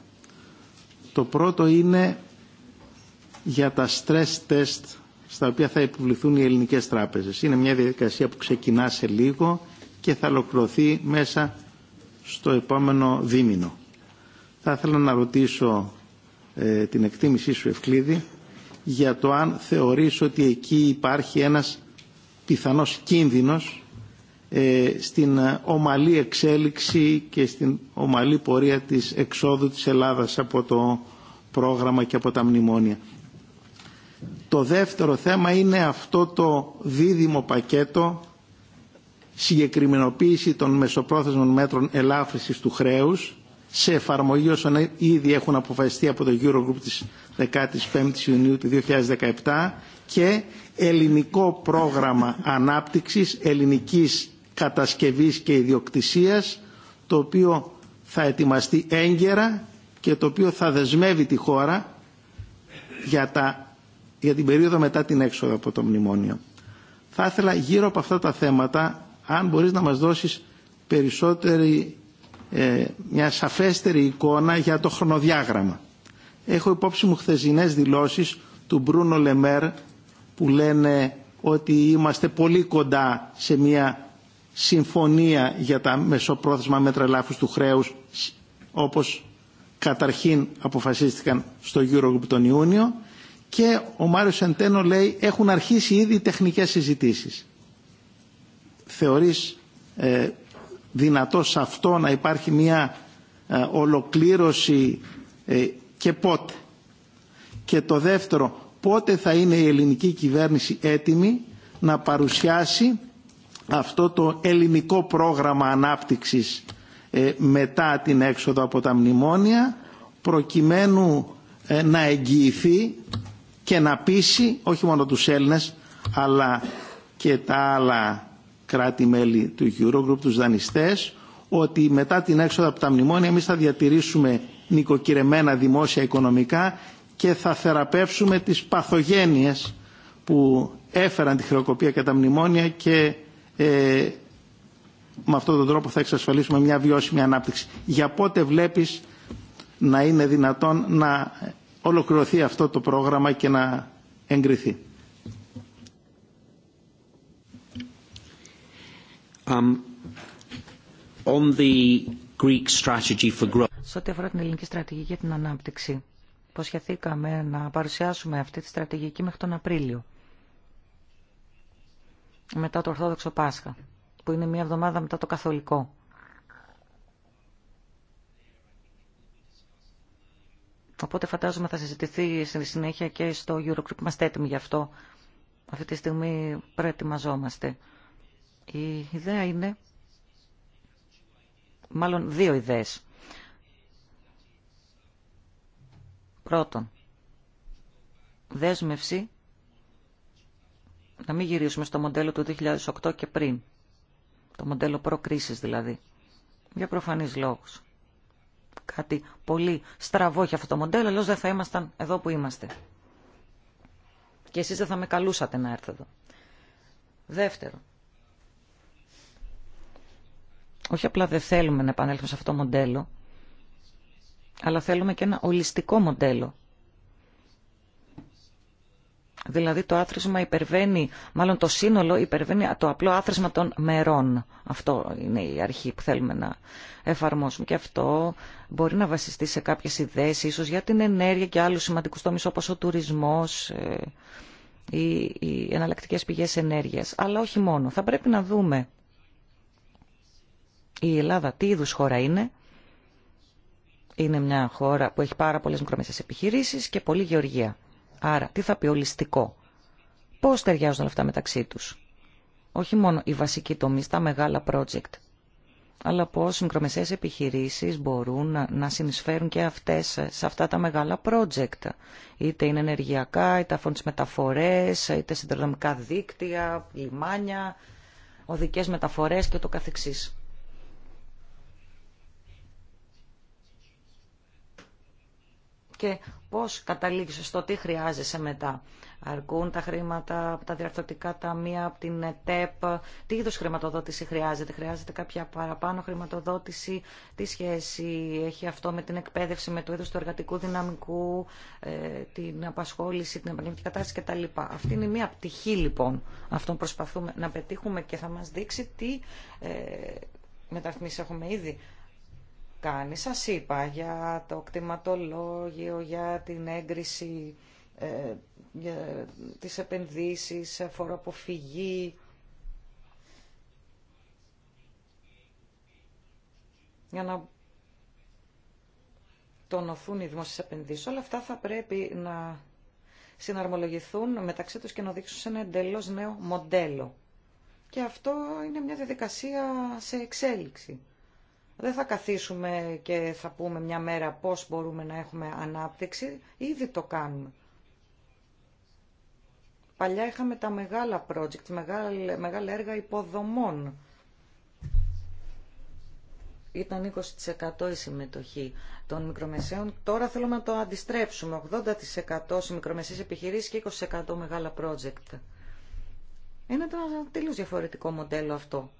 Το πρώτο είναι για τα stress test στα οποία θα επιβληθούν οι ελληνικές τράπεζες. Είναι μια διαδικασία που ξεκινά σε λίγο και θα ολοκληρωθεί μέσα στο επόμενο δίμηνο. Θα ήθελα να ρωτήσω ε, την εκτίμησή σου Ευκλήδη για το αν θεωρείς ότι εκεί υπάρχει ένας πιθανός κίνδυνος ε, στην ε, ομαλή εξέλιξη και στην ομαλή πορεία της εξόδου της Ελλάδας από το πρόγραμμα και από τα μνημόνια. Το δεύτερο θέμα είναι αυτό το δίδυμο πακέτο συγκεκριμενοποίηση των μεσοπρόθεσμων μέτρων ελάφρυσης του χρέους σε εφαρμογή όσων ήδη έχουν αποφασιστεί από το Eurogroup της 15ης Ιουνίου του 2017 και ελληνικό πρόγραμμα ανάπτυξης ελληνικής κατασκευής και ιδιοκτησίας το οποίο θα ετοιμαστεί έγκαιρα και το οποίο θα δεσμεύει τη χώρα για, τα, για την περίοδο μετά την έξοδο από το μνημόνιο. Θα ήθελα γύρω από αυτά τα θέματα αν μπορείς να μας δώσεις περισσότερη ε, μια σαφέστερη εικόνα για το χρονοδιάγραμμα. Έχω υπόψη μου χθεσινές δηλώσεις του Μπρούνο Λεμέρ που λένε ότι είμαστε πολύ κοντά σε μια συμφωνία για τα μεσοπρόθεσμα μέτρα ελάφους του χρέους όπως καταρχήν αποφασίστηκαν στο Eurogroup τον Ιούνιο και ο Μάριος Σεντένο λέει έχουν αρχίσει ήδη τεχνικές συζητήσεις. Θεωρείς ε, δυνατό σε αυτό να υπάρχει μια ε, ολοκλήρωση ε, και πότε. Και το δεύτερο, πότε θα είναι η ελληνική κυβέρνηση έτοιμη να παρουσιάσει αυτό το ελληνικό πρόγραμμα ανάπτυξης ε, μετά την έξοδο από τα μνημόνια προκειμένου να εγγυηθεί και να πείσει όχι μόνο τους Έλληνες αλλά και τα άλλα κράτη-μέλη του Eurogroup, τους δανειστές, ότι μετά την έξοδο από τα μνημόνια εμείς θα διατηρήσουμε νοικοκυρεμένα δημόσια οικονομικά και θα θεραπεύσουμε τις παθογένειες που έφεραν τη χρεοκοπία και τα μνημόνια και ε, με αυτόν τον τρόπο θα εξασφαλίσουμε μια βιώσιμη ανάπτυξη. Για πότε βλέπεις να είναι δυνατόν να ολοκληρωθεί αυτό το πρόγραμμα και να εγκριθεί. Σε ό,τι αφορά την ελληνική στρατηγική για την ανάπτυξη, υποσχεθήκαμε να παρουσιάσουμε αυτή τη στρατηγική μέχρι τον Απρίλιο, μετά το Ορθόδοξο Πάσχα, που είναι μία εβδομάδα μετά το Καθολικό. Οπότε φαντάζομαι θα συζητηθεί στη συνέχεια και στο Eurogroup. Είμαστε έτοιμοι γι' αυτό. Αυτή τη στιγμή προετοιμαζόμαστε. Η ιδέα είναι, μάλλον δύο ιδέες. Πρώτον, δέσμευση να μην γυρίσουμε στο μοντέλο του 2008 και πριν. Το μοντέλο προκρίσης δηλαδή. Για προφανείς λόγους. Κάτι πολύ στραβό αυτό το μοντέλο, αλλιώς δεν θα ήμασταν εδώ που είμαστε. Και εσείς δεν θα με καλούσατε να έρθω εδώ. Δεύτερον, όχι απλά δεν θέλουμε να επανέλθουμε σε αυτό το μοντέλο, αλλά θέλουμε και ένα ολιστικό μοντέλο. Δηλαδή το άθροισμα υπερβαίνει, μάλλον το σύνολο υπερβαίνει το απλό άθροισμα των μερών. Αυτό είναι η αρχή που θέλουμε να εφαρμόσουμε. Και αυτό μπορεί να βασιστεί σε κάποιες ιδέες ίσως για την ενέργεια και άλλους σημαντικούς τομείς όπως ο τουρισμός ή ε, οι εναλλακτικές πηγές ενέργειας. Αλλά όχι μόνο. Θα πρέπει να δούμε η Ελλάδα τι είδου χώρα είναι. Είναι μια χώρα που έχει πάρα πολλέ μικρομεσαίε επιχειρήσει και πολλή γεωργία. Άρα, τι θα πει ολιστικό. πώ ταιριάζουν όλα αυτά μεταξύ τους. Όχι μόνο η βασική τομή τα μεγάλα project, αλλά πώ οι μικρομεσαίε επιχειρήσεις μπορούν να συνεισφέρουν και αυτέ σε αυτά τα μεγάλα project. Είτε είναι ενεργειακά, είτε αφορούν τι μεταφορές, είτε συνδρομικά δίκτυα, λιμάνια, οδικές μεταφορέ και το καθεξής. και πώς καταλήγεις στο τι χρειάζεσαι μετά. Αρκούν τα χρήματα από τα διαρθρωτικά ταμεία, από την ΕΤΕΠ, τι είδους χρηματοδότηση χρειάζεται, χρειάζεται κάποια παραπάνω χρηματοδότηση, τι σχέση έχει αυτό με την εκπαίδευση, με το είδος του εργατικού δυναμικού, ε, την απασχόληση, την επαγγελματική κατάσταση κτλ. Αυτή είναι μία πτυχή λοιπόν αυτών προσπαθούμε να πετύχουμε και θα μας δείξει τι ε, μεταρρυθμίσεις έχουμε ήδη κάνει. Σας είπα για το κτηματολόγιο, για την έγκριση, ε, για τις φοροαποφυγή. Για να τονωθούν οι δημόσιες επενδύσεις. Όλα αυτά θα πρέπει να συναρμολογηθούν μεταξύ τους και να δείξουν σε ένα εντελώς νέο μοντέλο. Και αυτό είναι μια διαδικασία σε εξέλιξη. Δεν θα καθίσουμε και θα πούμε μια μέρα πώς μπορούμε να έχουμε ανάπτυξη. Ήδη το κάνουμε. Παλιά είχαμε τα μεγάλα project, μεγάλα, μεγάλα έργα υποδομών. Ήταν 20% η συμμετοχή των μικρομεσαίων. Τώρα θέλουμε να το αντιστρέψουμε. 80% σε μικρομεσαίες επιχειρήσεις και 20% μεγάλα project. Είναι ένα τελείως διαφορετικό μοντέλο αυτό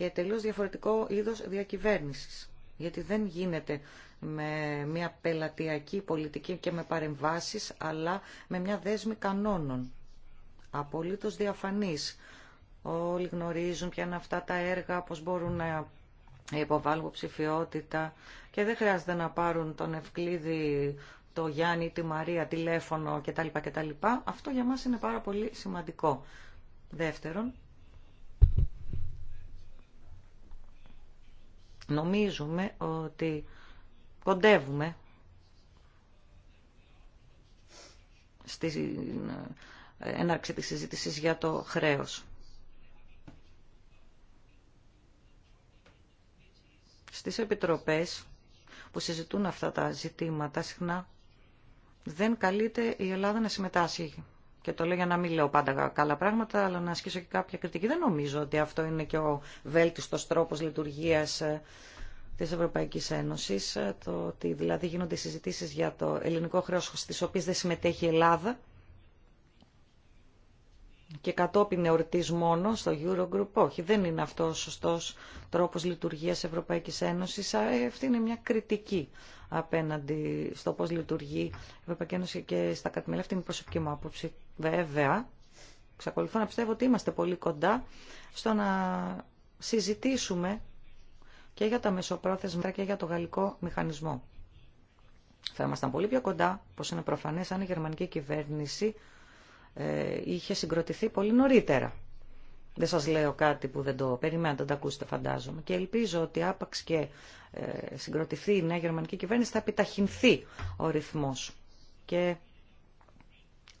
και τελείως διαφορετικό είδος διακυβέρνησης. Γιατί δεν γίνεται με μια πελατειακή πολιτική και με παρεμβάσεις, αλλά με μια δέσμη κανόνων. Απολύτως διαφανής. Όλοι γνωρίζουν ποια είναι αυτά τα έργα, πώς μπορούν να υποβάλουν ψηφιότητα και δεν χρειάζεται να πάρουν τον Ευκλήδη, το Γιάννη, τη Μαρία, τηλέφωνο κτλ. κτλ. Αυτό για μας είναι πάρα πολύ σημαντικό. Δεύτερον, Νομίζουμε ότι κοντεύουμε στην ε, έναρξη της συζήτησης για το χρέος. Στις επιτροπές που συζητούν αυτά τα ζητήματα συχνά δεν καλείται η Ελλάδα να συμμετάσχει και το λέω για να μην λέω πάντα καλά πράγματα, αλλά να ασκήσω και κάποια κριτική. Δεν νομίζω ότι αυτό είναι και ο βέλτιστος τρόπος λειτουργίας ε, της Ευρωπαϊκής Ένωσης. Ε, το ότι δηλαδή γίνονται συζητήσεις για το ελληνικό χρέος στι οποίες δεν συμμετέχει η Ελλάδα και κατόπιν εορτή μόνο στο Eurogroup. Όχι, δεν είναι αυτό ο σωστός τρόπος λειτουργίας Ευρωπαϊκής Ένωσης. Ε, αυτή είναι μια κριτική απέναντι στο πώς λειτουργεί η Ευρωπαϊκή Ένωση και στα κατημέλια. Αυτή είναι η προσωπική μου άποψη. Βέβαια, εξακολουθώ να πιστεύω ότι είμαστε πολύ κοντά στο να συζητήσουμε και για τα μεσοπρόθεσμα και για το γαλλικό μηχανισμό. Θα ήμασταν πολύ πιο κοντά, πως είναι προφανές, αν η γερμανική κυβέρνηση ε, είχε συγκροτηθεί πολύ νωρίτερα. Δεν σας λέω κάτι που δεν το περιμένετε, τα ακούσετε φαντάζομαι. Και ελπίζω ότι άπαξ και ε, συγκροτηθεί η νέα γερμανική κυβέρνηση θα επιταχυνθεί ο ρυθμός. Και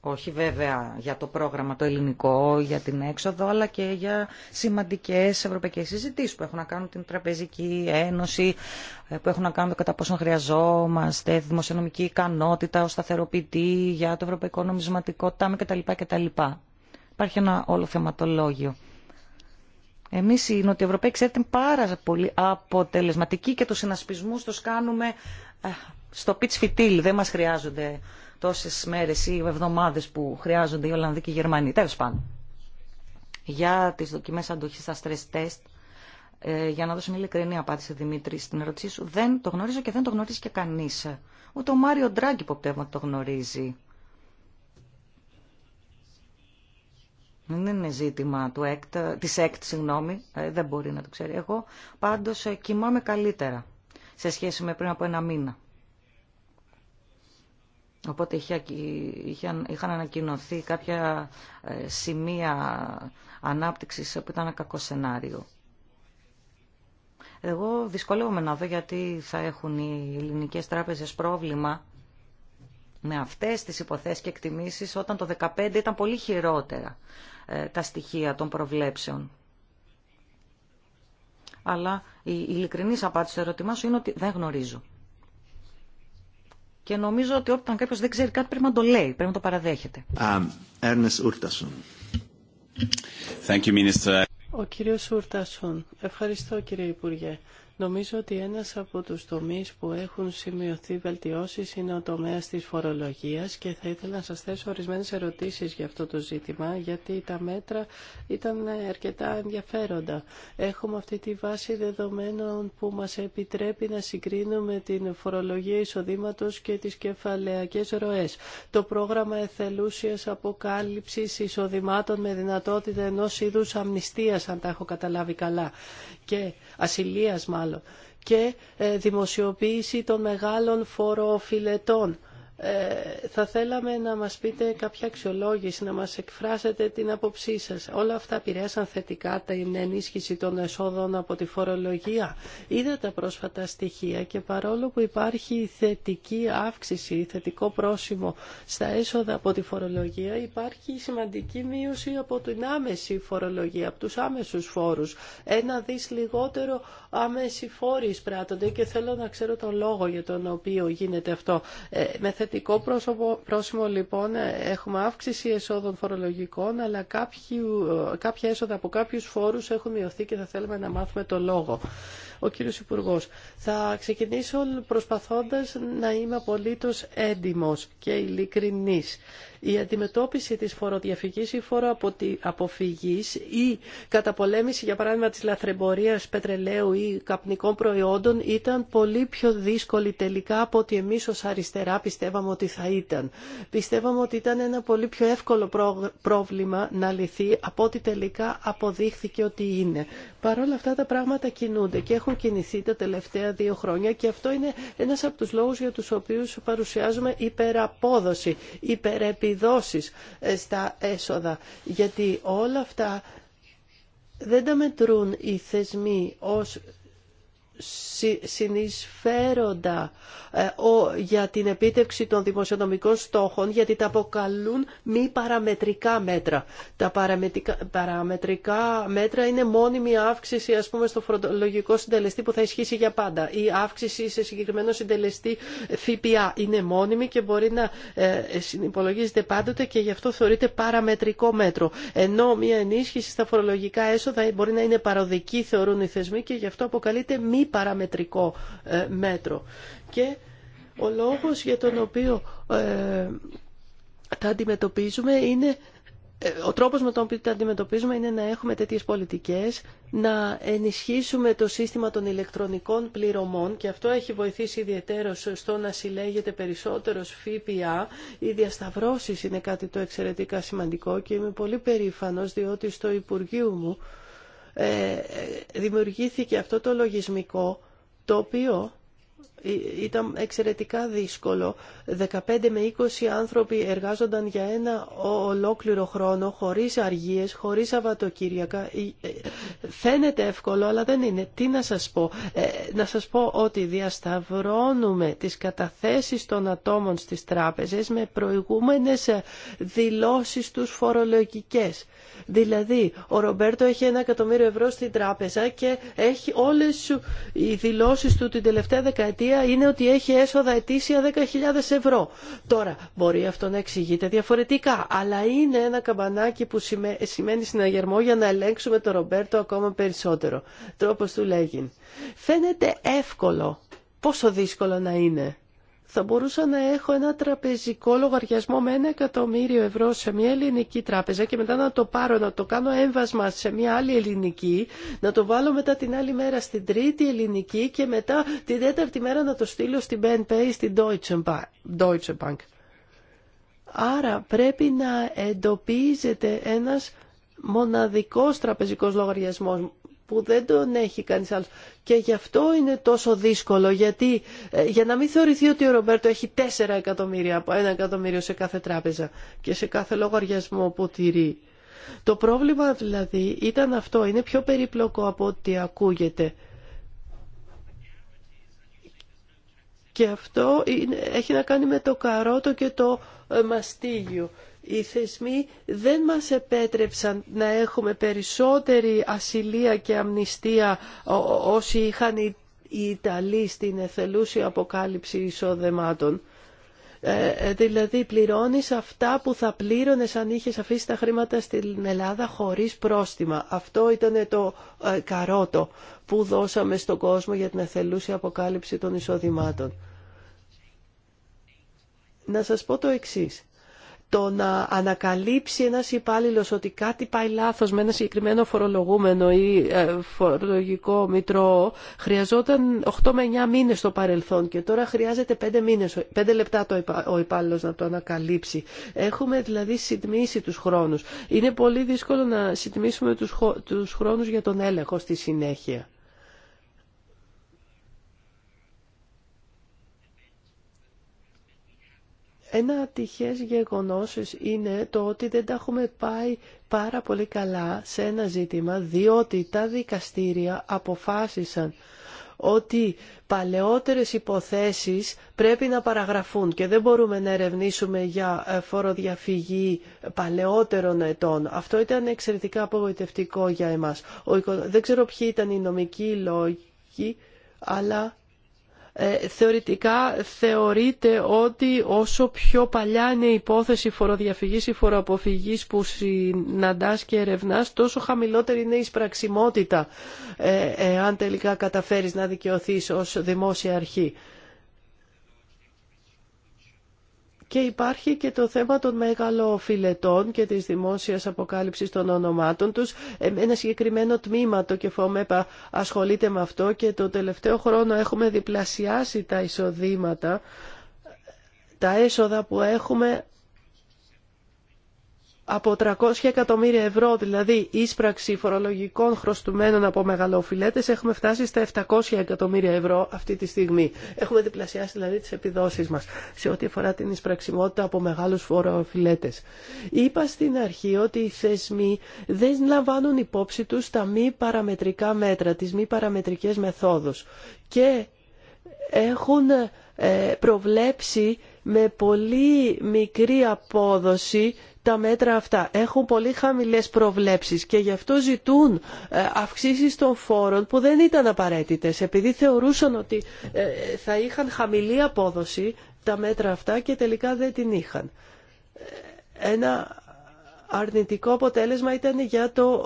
όχι βέβαια για το πρόγραμμα το ελληνικό, για την έξοδο, αλλά και για σημαντικές ευρωπαϊκές συζητήσεις που έχουν να κάνουν την Τραπεζική Ένωση, ε, που έχουν να κάνουν το κατά πόσο χρειαζόμαστε, δημοσιονομική ικανότητα, ο σταθεροποιητή για το Ευρωπαϊκό Νομισματικό Τάμι κτλ. κτλ. Υπάρχει ένα όλο θεματολόγιο. Εμείς οι Νοτιοευρωπαίοι ξέρετε πάρα πολύ αποτελεσματικοί και του συνασπισμού του κάνουμε ε, στο pitch φιτίλ. Δεν μα χρειάζονται τόσε μέρε ή εβδομάδε που χρειάζονται οι Ολλανδοί και οι Γερμανοί. Τέλο πάντων. Για τις δοκιμέ αντοχή στα stress test, ε, για να δώσω μια ειλικρινή απάντηση, Δημήτρη, στην ερώτησή σου, δεν το γνωρίζω και δεν το γνωρίζει και κανείς. Ούτε ο Μάριο Ντράγκη ότι το γνωρίζει. Δεν είναι ζήτημα του ΕΚΤ, της ΕΚΤ, συγγνώμη, ε, δεν μπορεί να το ξέρει. Εγώ πάντως ε, κοιμάμαι καλύτερα σε σχέση με πριν από ένα μήνα. Οπότε είχαν, είχαν ανακοινωθεί κάποια ε, σημεία ανάπτυξης που ήταν ένα κακό σενάριο. Εγώ δυσκολεύομαι να δω γιατί θα έχουν οι ελληνικές τράπεζες πρόβλημα με αυτές τις υποθέσεις και εκτιμήσεις όταν το 2015 ήταν πολύ χειρότερα ε, τα στοιχεία των προβλέψεων. Αλλά η ειλικρινή απάντηση στο ερώτημά σου είναι ότι δεν γνωρίζω. Και νομίζω ότι όταν κάποιο δεν ξέρει κάτι πρέπει να το λέει, πρέπει να το παραδέχεται. Ο κύριος Ούρτασον. Ευχαριστώ κύριε Υπουργέ. Νομίζω ότι ένας από τους τομείς που έχουν σημειωθεί βελτιώσεις είναι ο τομέας της φορολογίας και θα ήθελα να σας θέσω ορισμένες ερωτήσεις για αυτό το ζήτημα γιατί τα μέτρα ήταν αρκετά ενδιαφέροντα. Έχουμε αυτή τη βάση δεδομένων που μας επιτρέπει να συγκρίνουμε την φορολογία εισοδήματος και τις κεφαλαιακές ροές. Το πρόγραμμα εθελούσιας αποκάλυψης εισοδημάτων με δυνατότητα ενός είδους αμνηστίας αν τα έχω καταλάβει καλά. Και ασυλίας μάλλον, και ε, δημοσιοποίηση των μεγάλων φοροφιλετών ε, θα θέλαμε να μας πείτε κάποια αξιολόγηση, να μας εκφράσετε την άποψή σας. Όλα αυτά επηρέασαν θετικά την ενίσχυση των εσόδων από τη φορολογία. Είδα τα πρόσφατα στοιχεία και παρόλο που υπάρχει θετική αύξηση, θετικό πρόσημο στα έσοδα από τη φορολογία, υπάρχει σημαντική μείωση από την άμεση φορολογία, από τους άμεσους φόρους. Ένα δις λιγότερο άμεση φόροι εισπράττονται και θέλω να ξέρω τον λόγο για τον οποίο γίνεται αυτό. Ε, με θετικό πρόσωπο πρόσημο λοιπόν έχουμε αύξηση εσόδων φορολογικών, αλλά κάποιου, κάποια έσοδα από κάποιους φόρους έχουν μειωθεί και θα θέλουμε να μάθουμε το λόγο. Ο κύριος Υπουργός, θα ξεκινήσω προσπαθώντας να είμαι απολύτως έντιμος και ειλικρινής. Η αντιμετώπιση της φοροδιαφυγής ή φοροαποφυγής ή καταπολέμηση για παράδειγμα της λαθρεμπορίας πετρελαίου ή καπνικών προϊόντων ήταν πολύ πιο δύσκολη τελικά από ότι εμείς ως αριστερά πιστεύαμε ότι θα ήταν. Πιστεύαμε ότι ήταν ένα πολύ πιο εύκολο πρόβλημα να λυθεί από ό,τι τελικά αποδείχθηκε ότι είναι. Παρ' όλα αυτά τα πράγματα κινούνται και έχουν κινηθεί τα τελευταία δύο χρόνια και αυτό είναι ένας από τους λόγους για τους οποίους παρουσιάζουμε υπεραπόδοση, υπερεπιδότηση επιδόσεις ε, στα έσοδα, γιατί όλα αυτά δεν τα μετρούν οι θεσμοί ως συνεισφέροντα ε, για την επίτευξη των δημοσιονομικών στόχων γιατί τα αποκαλούν μη παραμετρικά μέτρα. Τα παραμετρικά μέτρα είναι μόνιμη αύξηση ας πούμε στο φορολογικό συντελεστή που θα ισχύσει για πάντα. Η αύξηση σε συγκεκριμένο συντελεστή ε, ΦΠΑ είναι μόνιμη και μπορεί να ε, συνυπολογίζεται πάντοτε και γι' αυτό θεωρείται παραμετρικό μέτρο. Ενώ μια ενίσχυση στα φορολογικά έσοδα μπορεί να είναι παροδική θεωρούν οι θεσμοί και γι' αυτό αποκαλείται μη παραμετρικό ε, μέτρο. Και ο λόγος για τον οποίο ε, τα αντιμετωπίζουμε είναι ε, ο τρόπος με τον οποίο τα αντιμετωπίζουμε είναι να έχουμε τέτοιες πολιτικές, να ενισχύσουμε το σύστημα των ηλεκτρονικών πληρωμών και αυτό έχει βοηθήσει ιδιαίτερο στο να συλλέγεται περισσότερος ΦΠΑ. Οι διασταυρώσεις είναι κάτι το εξαιρετικά σημαντικό και είμαι πολύ περήφανος διότι στο Υπουργείο μου ε, ε, δημιουργήθηκε αυτό το λογισμικό το οποίο ήταν εξαιρετικά δύσκολο. 15 με 20 άνθρωποι εργάζονταν για ένα ολόκληρο χρόνο, χωρίς αργίες, χωρίς Σαββατοκύριακα. Ε, φαίνεται εύκολο, αλλά δεν είναι. Τι να σας πω. Ε, να σας πω ότι διασταυρώνουμε τις καταθέσεις των ατόμων στις τράπεζες με προηγούμενες ε, δηλώσεις τους φορολογικές. Δηλαδή, ο Ρομπέρτο έχει ένα εκατομμύριο ευρώ στην τράπεζα και έχει όλες οι δηλώσεις του την τελευταία δεκαετία είναι ότι έχει έσοδα ετήσια 10.000 ευρώ. Τώρα, μπορεί αυτό να εξηγείται διαφορετικά, αλλά είναι ένα καμπανάκι που σημαίνει συναγερμό για να ελέγξουμε τον Ρομπέρτο ακόμα περισσότερο. Τρόπος του λέγει. Φαίνεται εύκολο. Πόσο δύσκολο να είναι θα μπορούσα να έχω ένα τραπεζικό λογαριασμό με ένα εκατομμύριο ευρώ σε μια ελληνική τράπεζα και μετά να το πάρω, να το κάνω έμβασμα σε μια άλλη ελληνική, να το βάλω μετά την άλλη μέρα στην τρίτη ελληνική και μετά την τέταρτη μέρα να το στείλω στην BNP ή στην Deutsche Bank. Άρα πρέπει να εντοπίζεται ένας μοναδικός τραπεζικός λογαριασμός που δεν τον έχει κανείς άλλος. Και γι' αυτό είναι τόσο δύσκολο, γιατί ε, για να μην θεωρηθεί ότι ο Ρομπέρτο έχει 4 εκατομμύρια από 1 εκατομμύριο σε κάθε τράπεζα και σε κάθε λογαριασμό που τηρεί. Το πρόβλημα δηλαδή ήταν αυτό, είναι πιο περίπλοκο από ό,τι ακούγεται. Και αυτό έχει να κάνει με το καρότο και το ε, μαστίγιο οι θεσμοί δεν μας επέτρεψαν να έχουμε περισσότερη ασυλία και αμνηστία όσοι είχαν οι Ιταλοί στην εθελούσια αποκάλυψη εισόδεμάτων. Ε, ε, δηλαδή πληρώνεις αυτά που θα πλήρωνες αν είχες αφήσει τα χρήματα στην Ελλάδα χωρίς πρόστιμα. Αυτό ήταν το ε, καρότο που δώσαμε στον κόσμο για την εθελούσια αποκάλυψη των εισόδημάτων. Να σας πω το εξής το να ανακαλύψει ένας υπάλληλο ότι κάτι πάει λάθος με ένα συγκεκριμένο φορολογούμενο ή ε, φορολογικό μητρό χρειαζόταν 8 με 9 μήνες στο παρελθόν και τώρα χρειάζεται 5, μήνες, 5 λεπτά το, ο υπάλληλο να το ανακαλύψει. Έχουμε δηλαδή συντμίσει τους χρόνους. Είναι πολύ δύσκολο να συντμίσουμε τους, τους χρόνους για τον έλεγχο στη συνέχεια. Ένα τυχές γεγονός είναι το ότι δεν τα έχουμε πάει πάρα πολύ καλά σε ένα ζήτημα, διότι τα δικαστήρια αποφάσισαν ότι παλαιότερες υποθέσεις πρέπει να παραγραφούν και δεν μπορούμε να ερευνήσουμε για ε, φοροδιαφυγή παλαιότερων ετών. Αυτό ήταν εξαιρετικά απογοητευτικό για εμάς. Δεν ξέρω ποιοι ήταν οι νομικοί λόγοι, αλλά ε, θεωρητικά θεωρείται ότι όσο πιο παλιά είναι η υπόθεση φοροδιαφυγής ή φοροαποφυγής που συναντάς και ερευνάς, τόσο χαμηλότερη είναι η φοροαποφυγης που συναντας και ερευνας τοσο χαμηλοτερη ειναι η εισπραξιμοτητα αν ε, τελικά καταφέρεις να δικαιωθείς ως δημόσια αρχή. Και υπάρχει και το θέμα των μεγαλοφιλετών και της δημόσιας αποκάλυψης των ονομάτων τους. Ε, ένα συγκεκριμένο τμήμα, το ΚΕΦΟΜΕΠΑ, ασχολείται με αυτό και το τελευταίο χρόνο έχουμε διπλασιάσει τα εισοδήματα τα έσοδα που έχουμε από 300 εκατομμύρια ευρώ, δηλαδή ίσπραξη φορολογικών χρωστουμένων από μεγαλοφιλέτες, έχουμε φτάσει στα 700 εκατομμύρια ευρώ αυτή τη στιγμή. Έχουμε διπλασιάσει δηλαδή τις επιδόσεις μας σε ό,τι αφορά την εισπραξιμότητα από μεγάλους φοροφιλέτες. Είπα στην αρχή ότι οι θεσμοί δεν λαμβάνουν υπόψη τους τα μη παραμετρικά μέτρα, τις μη παραμετρικές μεθόδους και έχουν ε, προβλέψει με πολύ μικρή απόδοση τα μέτρα αυτά. Έχουν πολύ χαμηλές προβλέψεις και γι' αυτό ζητούν ε, αυξήσεις των φόρων που δεν ήταν απαραίτητες επειδή θεωρούσαν ότι ε, θα είχαν χαμηλή απόδοση τα μέτρα αυτά και τελικά δεν την είχαν. Ε, ένα αρνητικό αποτέλεσμα ήταν για το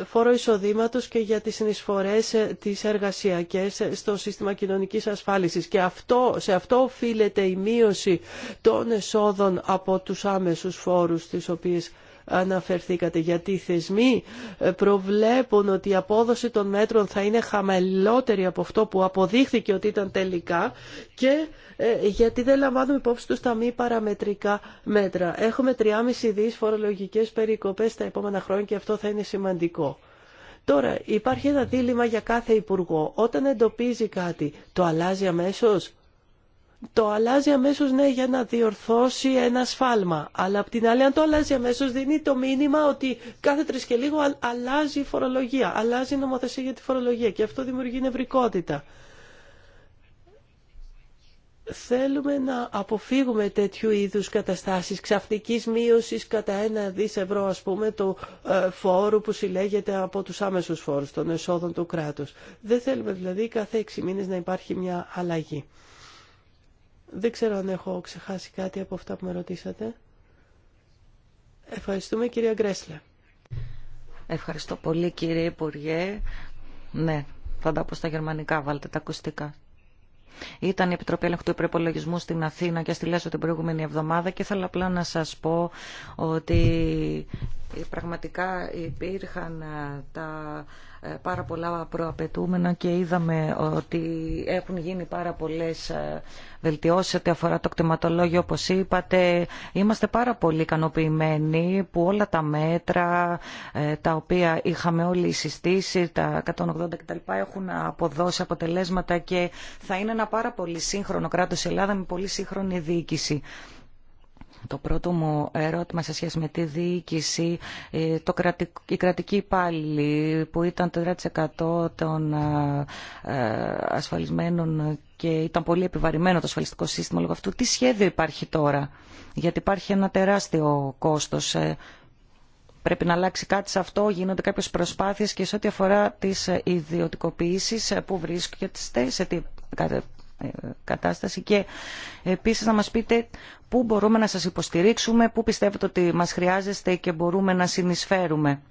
ε, φόρο εισοδήματος και για τις συνεισφορές ε, τις εργασιακές ε, στο σύστημα κοινωνικής ασφάλισης και αυτό, σε αυτό οφείλεται η μείωση των εσόδων από τους άμεσους φόρους τις οποίες αναφερθήκατε, γιατί οι θεσμοί ε, προβλέπουν ότι η απόδοση των μέτρων θα είναι χαμελότερη από αυτό που αποδείχθηκε ότι ήταν τελικά και ε, γιατί δεν λαμβάνουμε υπόψη τους τα μη παραμετρικά μέτρα. Έχουμε 3,5 δις φορολογικές περικοπές τα επόμενα χρόνια και αυτό θα είναι σημαντικό. Τώρα, υπάρχει ένα δίλημα για κάθε υπουργό. Όταν εντοπίζει κάτι, το αλλάζει αμέσως το αλλάζει αμέσω ναι για να διορθώσει ένα σφάλμα. Αλλά απ' την άλλη αν το αλλάζει αμέσω, δίνει το μήνυμα ότι κάθε τρει και λίγο αλλάζει η φορολογία, αλλάζει η νομοθεσία για τη φορολογία και αυτό δημιουργεί νευρικότητα. Θέλουμε να αποφύγουμε τέτοιου είδους καταστάσεις ξαφνικής μείωσης κατά ένα δις ευρώ ας πούμε του ε, φόρου που συλλέγεται από τους άμεσους φόρους των εσόδων του κράτους. Δεν θέλουμε δηλαδή κάθε έξι μήνες να υπάρχει μια αλλαγή. Δεν ξέρω αν έχω ξεχάσει κάτι από αυτά που με ρωτήσατε. Ευχαριστούμε κυρία Γκρέσλε. Ευχαριστώ πολύ κύριε Υπουργέ. Ναι, θα τα πω στα γερμανικά, βάλτε τα ακουστικά. Ήταν η Επιτροπή Ελεγχού του Υπερπολογισμού στην Αθήνα και στη Λέσο την προηγούμενη εβδομάδα και ήθελα απλά να σας πω ότι πραγματικά υπήρχαν ε, τα ε, πάρα πολλά προαπαιτούμενα και είδαμε ότι έχουν γίνει πάρα πολλές ε, βελτιώσεις ό,τι αφορά το κτηματολόγιο όπως είπατε. Είμαστε πάρα πολύ ικανοποιημένοι που όλα τα μέτρα ε, τα οποία είχαμε όλοι συστήσει, τα 180 κτλ. έχουν αποδώσει αποτελέσματα και θα είναι ένα πάρα πολύ σύγχρονο κράτος Ελλάδα με πολύ σύγχρονη διοίκηση. Το πρώτο μου ερώτημα σε σχέση με τη διοίκηση, ε, το η κρατική υπάλληλη που ήταν το 4% των ε, ασφαλισμένων και ήταν πολύ επιβαρημένο το ασφαλιστικό σύστημα λόγω αυτού. Τι σχέδιο υπάρχει τώρα, γιατί υπάρχει ένα τεράστιο κόστος. Ε, πρέπει να αλλάξει κάτι σε αυτό, γίνονται κάποιες προσπάθειες και σε ό,τι αφορά τις ιδιωτικοποιήσεις που βρίσκεται σε τι ε, κατάσταση και επίσης να μας πείτε πού μπορούμε να σας υποστηρίξουμε, πού πιστεύετε ότι μας χρειάζεστε και μπορούμε να συνεισφέρουμε.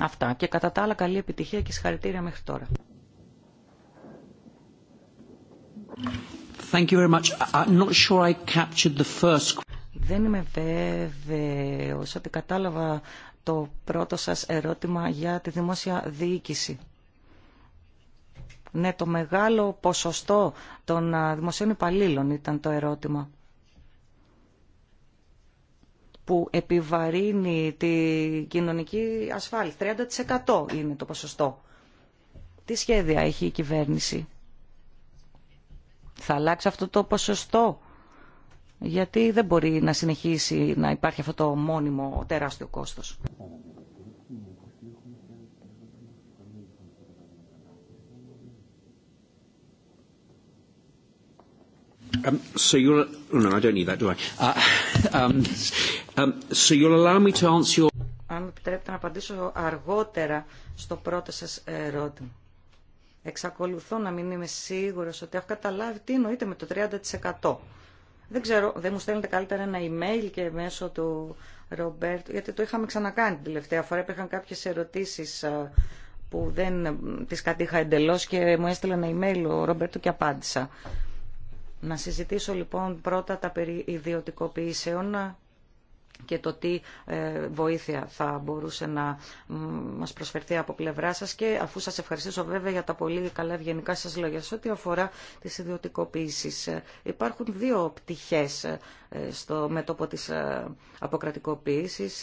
Αυτά και κατά τα άλλα καλή επιτυχία και συγχαρητήρια μέχρι τώρα. Thank you very much. I'm not sure I captured the first... Δεν είμαι βέβαιος ότι κατάλαβα το πρώτο σας ερώτημα για τη δημόσια διοίκηση. Ναι, το μεγάλο ποσοστό των δημοσίων υπαλλήλων ήταν το ερώτημα που επιβαρύνει τη κοινωνική ασφάλεια. 30% είναι το ποσοστό. Τι σχέδια έχει η κυβέρνηση. Θα αλλάξει αυτό το ποσοστό. Γιατί δεν μπορεί να συνεχίσει να υπάρχει αυτό το μόνιμο τεράστιο κόστος. Um, so you'll... Oh, no, I don't need that, do I? Uh, um, um, so you'll allow me to answer your... Αν επιτρέπετε να απαντήσω αργότερα στο πρώτο σας ερώτημα. Εξακολουθώ να μην είμαι σίγουρος ότι έχω καταλάβει τι εννοείται με το 30%. Δεν ξέρω, δεν μου στέλνετε καλύτερα ένα email και μέσω του Ρομπέρτ, γιατί το είχαμε ξανακάνει την τελευταία φορά. Υπήρχαν κάποιες ερωτήσεις που δεν ε, τις κατήχα εντελώς και μου έστειλε ένα email ο Ρομπέρτο και απάντησα. Να συζητήσω λοιπόν πρώτα τα περί ιδιωτικοποιήσεων και το τι ε, βοήθεια θα μπορούσε να μας προσφερθεί από πλευρά σας και αφού σας ευχαριστήσω βέβαια για τα πολύ καλά ευγενικά σας λόγια σε ό,τι αφορά τις ιδιωτικοποίησεις. Ε, υπάρχουν δύο πτυχές ε, στο μέτωπο της αποκρατικοποίησης.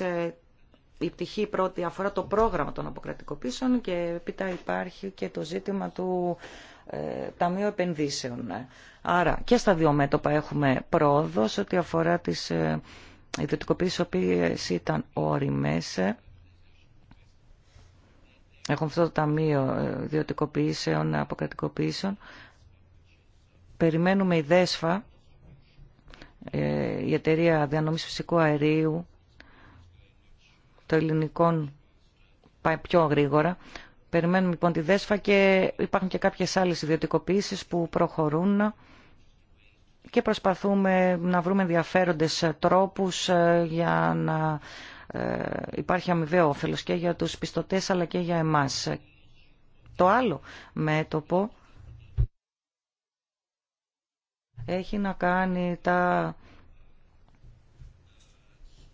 Η πτυχή πρώτη αφορά το πρόγραμμα των αποκρατικοποίησεων και επίτα υπάρχει και το ζήτημα του ε, Ταμείο Επενδύσεων. Ε, άρα και στα δύο μέτωπα έχουμε πρόοδο ό,τι αφορά τις ε, ιδιωτικοποίησεις οποίες ήταν όριμες. Έχουμε αυτό το Ταμείο Ιδιωτικοποιήσεων, Αποκρατικοποιήσεων. Περιμένουμε η ΔΕΣΦΑ, η Εταιρεία Διανομής Φυσικού Αερίου, το ελληνικό πάει πιο γρήγορα, Περιμένουμε λοιπόν τη ΔΕΣΦΑ και υπάρχουν και κάποιες άλλες ιδιωτικοποίησεις που προχωρούν και προσπαθούμε να βρούμε ενδιαφέροντες τρόπους ε, για να ε, υπάρχει αμοιβαίο όφελος και για τους πιστωτές αλλά και για εμάς. Το άλλο μέτωπο έχει να κάνει τα...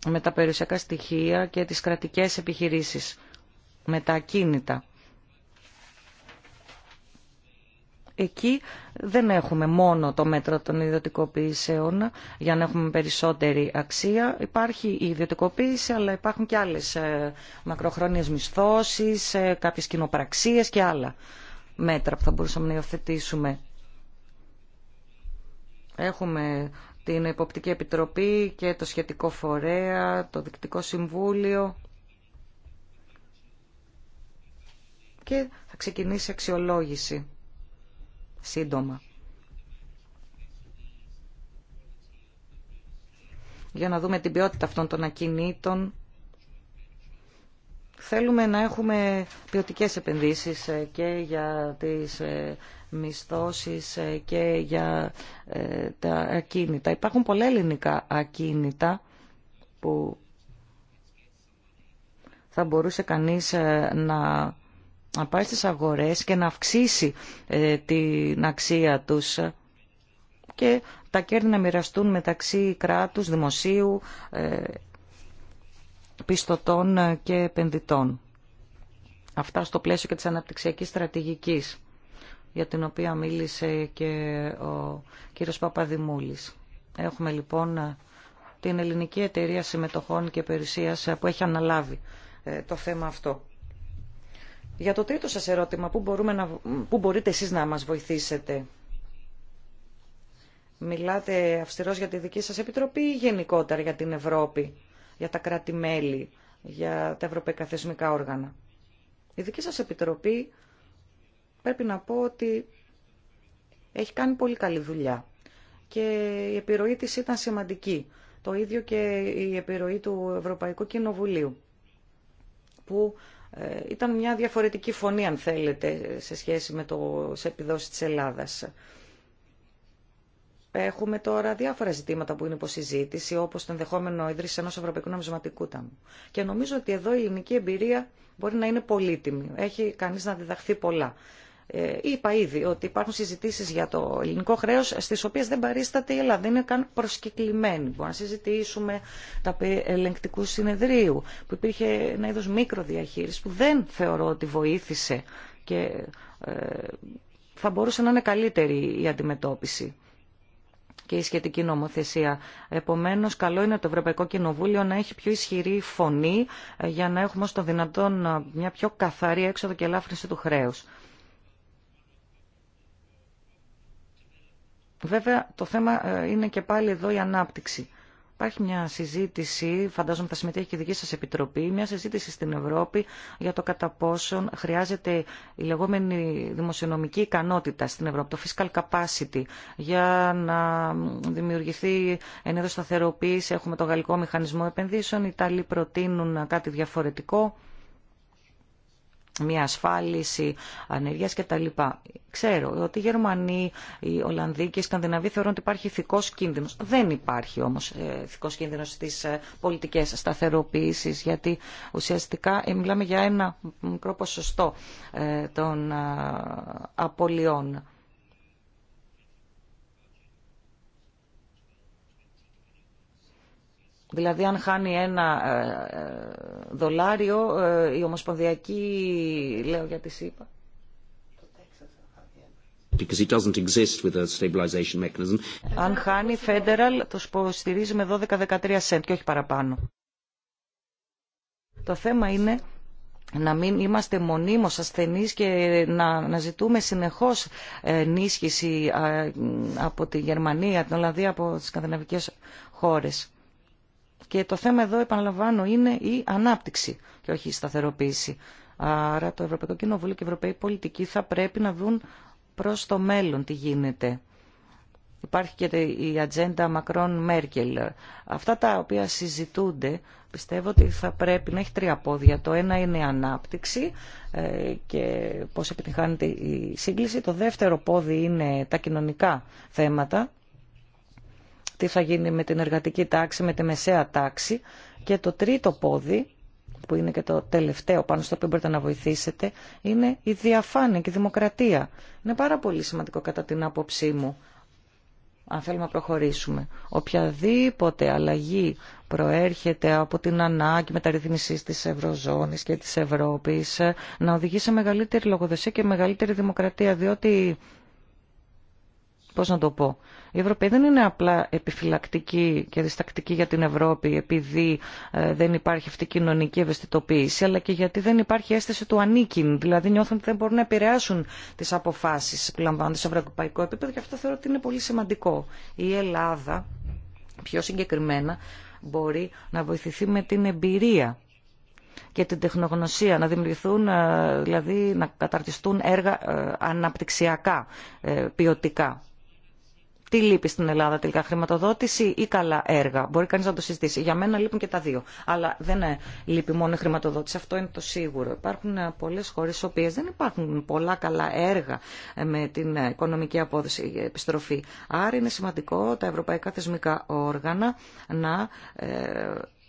με τα περιουσιακά στοιχεία και τις κρατικές επιχειρήσεις, με τα ακίνητα. Εκεί δεν έχουμε μόνο το μέτρο των ιδιωτικοποιήσεων για να έχουμε περισσότερη αξία. Υπάρχει η ιδιωτικοποίηση, αλλά υπάρχουν και άλλες ε, μακροχρόνιες μισθώσεις, ε, κάποιες κοινοπραξίες και άλλα μέτρα που θα μπορούσαμε να υιοθετήσουμε. Έχουμε την Εποπτική Επιτροπή και το Σχετικό Φορέα, το Δικτικό Συμβούλιο και θα ξεκινήσει αξιολόγηση σύντομα. Για να δούμε την ποιότητα αυτών των ακινήτων. Θέλουμε να έχουμε ποιοτικές επενδύσεις ε, και για τις ε, μισθώσεις ε, και για τα ακίνητα. Υπάρχουν πολλά ελληνικά ακίνητα που θα μπορούσε κανείς να να πάει στις αγορές και να αυξήσει ε, την αξία τους και τα κέρδη να μοιραστούν μεταξύ κράτους, δημοσίου, ε, πιστωτών ε, και επενδυτών. Αυτά στο πλαίσιο και της αναπτυξιακής στρατηγικής, για την οποία μίλησε και ο κύριος Παπαδημούλης. Έχουμε λοιπόν την Ελληνική Εταιρεία Συμμετοχών και Περιουσίας που έχει αναλάβει το θέμα αυτό. Για το τρίτο σας ερώτημα, πού, μπορούμε να, πού μπορείτε εσείς να μας βοηθήσετε. Μιλάτε αυστηρός για τη δική σας επιτροπή ή γενικότερα για την Ευρώπη, για τα κράτη-μέλη, για τα ευρωπαϊκά θεσμικά όργανα. Η δική σας επιτροπή πρέπει να πω ότι έχει κάνει πολύ καλή δουλειά και η επιρροή της ήταν σημαντική. Το ίδιο και η επιρροή του Ευρωπαϊκού Κοινοβουλίου που ε, ήταν μια διαφορετική φωνή, αν θέλετε, σε σχέση με το σε επιδόσεις της Ελλάδας. Έχουμε τώρα διάφορα ζητήματα που είναι υποσυζήτηση, όπως το ενδεχόμενο ίδρυση ενός Ευρωπαϊκού Νομισματικού Ταμού. Και νομίζω ότι εδώ η ελληνική εμπειρία μπορεί να είναι πολύτιμη. Έχει κανείς να διδαχθεί πολλά. Ε, είπα ήδη ότι υπάρχουν συζητήσεις για το ελληνικό χρέος στις οποίες δεν παρίσταται η Ελλάδα, δεν είναι καν προσκεκλημένη. Μπορούμε να συζητήσουμε τα ελεγκτικού συνεδρίου που υπήρχε ένα είδος μικροδιαχείρισης που δεν θεωρώ ότι βοήθησε και ε, θα μπορούσε να είναι καλύτερη η αντιμετώπιση και η σχετική νομοθεσία. Επομένως, καλό είναι το Ευρωπαϊκό Κοινοβούλιο να έχει πιο ισχυρή φωνή ε, για να έχουμε στο δυνατόν ε, μια πιο καθαρή έξοδο και ελάφρυνση του χρέους. Βέβαια, το θέμα ε, είναι και πάλι εδώ η ανάπτυξη. Υπάρχει μια συζήτηση, φαντάζομαι θα συμμετέχει και η δική σας επιτροπή, μια συζήτηση στην Ευρώπη για το κατά πόσον χρειάζεται η λεγόμενη δημοσιονομική ικανότητα στην Ευρώπη, το fiscal capacity, για να δημιουργηθεί ενέδωση σταθεροποίηση. Έχουμε το γαλλικό μηχανισμό επενδύσεων, οι Ιταλοί προτείνουν κάτι διαφορετικό μια ασφάλιση ανεργίας κτλ. Ξέρω ότι οι Γερμανοί, οι Ολλανδοί και οι Σκανδιναβοί θεωρούν ότι υπάρχει ηθικός κίνδυνος. Δεν υπάρχει όμως ε, ηθικός κίνδυνος στις ε, πολιτικές σταθεροποίησεις, γιατί ουσιαστικά ε, μιλάμε για ένα μικρό ποσοστό των απολειών. Δηλαδή αν χάνει ένα ε, ε, δολάριο ε, η Ομοσπονδιακή, λέω για τη ΣΥΠΑ, Αν χάνει Federal, το υποστηρίζει 12-13 σέντ και όχι παραπάνω. Το θέμα είναι να μην είμαστε μονίμως ασθενείς και να, ζητούμε συνεχώς ενίσχυση από τη Γερμανία, την Ολλανδία, από τις σκανδιναβικές χώρες. Και το θέμα εδώ, επαναλαμβάνω, είναι η ανάπτυξη και όχι η σταθεροποίηση. Άρα το Ευρωπαϊκό Κοινοβούλιο και η Ευρωπαϊκή Πολιτική θα πρέπει να δουν προς το μέλλον τι γίνεται. Υπάρχει και η ατζέντα Μακρόν-Μέρκελ. Αυτά τα οποία συζητούνται πιστεύω ότι θα πρέπει να έχει τρία πόδια. Το ένα είναι η ανάπτυξη ε, και πώς επιτυχάνεται η σύγκληση. Το δεύτερο πόδι είναι τα κοινωνικά θέματα τι θα γίνει με την εργατική τάξη, με τη μεσαία τάξη. Και το τρίτο πόδι, που είναι και το τελευταίο πάνω στο οποίο μπορείτε να βοηθήσετε, είναι η διαφάνεια και η δημοκρατία. Είναι πάρα πολύ σημαντικό κατά την άποψή μου, αν θέλουμε να προχωρήσουμε. Οποιαδήποτε αλλαγή προέρχεται από την ανάγκη μεταρρύθμισης της Ευρωζώνης και της Ευρώπης να οδηγεί σε μεγαλύτερη λογοδοσία και μεγαλύτερη δημοκρατία, διότι πώς να το πω, οι Ευρωπαίοι δεν είναι απλά επιφυλακτικοί και διστακτική για την Ευρώπη επειδή ε, δεν υπάρχει αυτή η κοινωνική ευαισθητοποίηση, αλλά και γιατί δεν υπάρχει αίσθηση του ανήκειν. Δηλαδή νιώθουν ότι δεν μπορούν να επηρεάσουν τι αποφάσει που λαμβάνονται σε ευρωπαϊκό επίπεδο και αυτό θεωρώ ότι είναι πολύ σημαντικό. Η Ελλάδα, πιο συγκεκριμένα, μπορεί να βοηθηθεί με την εμπειρία και την τεχνογνωσία, να δημιουργηθούν, ε, δηλαδή να καταρτιστούν έργα ε, αναπτυξιακά, ποιοτικά τι λείπει στην Ελλάδα τελικά, χρηματοδότηση ή καλά έργα. Μπορεί κανεί να το συζητήσει. Για μένα λείπουν και τα δύο. Αλλά δεν ε, λείπει μόνο η χρηματοδότηση, αυτό είναι το σίγουρο. Υπάρχουν ε, πολλέ χώρε στι οποίε δεν υπάρχουν πολλά καλά έργα ε, με την οικονομική απόδοση επιστροφή. Άρα είναι σημαντικό τα ευρωπαϊκά θεσμικά όργανα να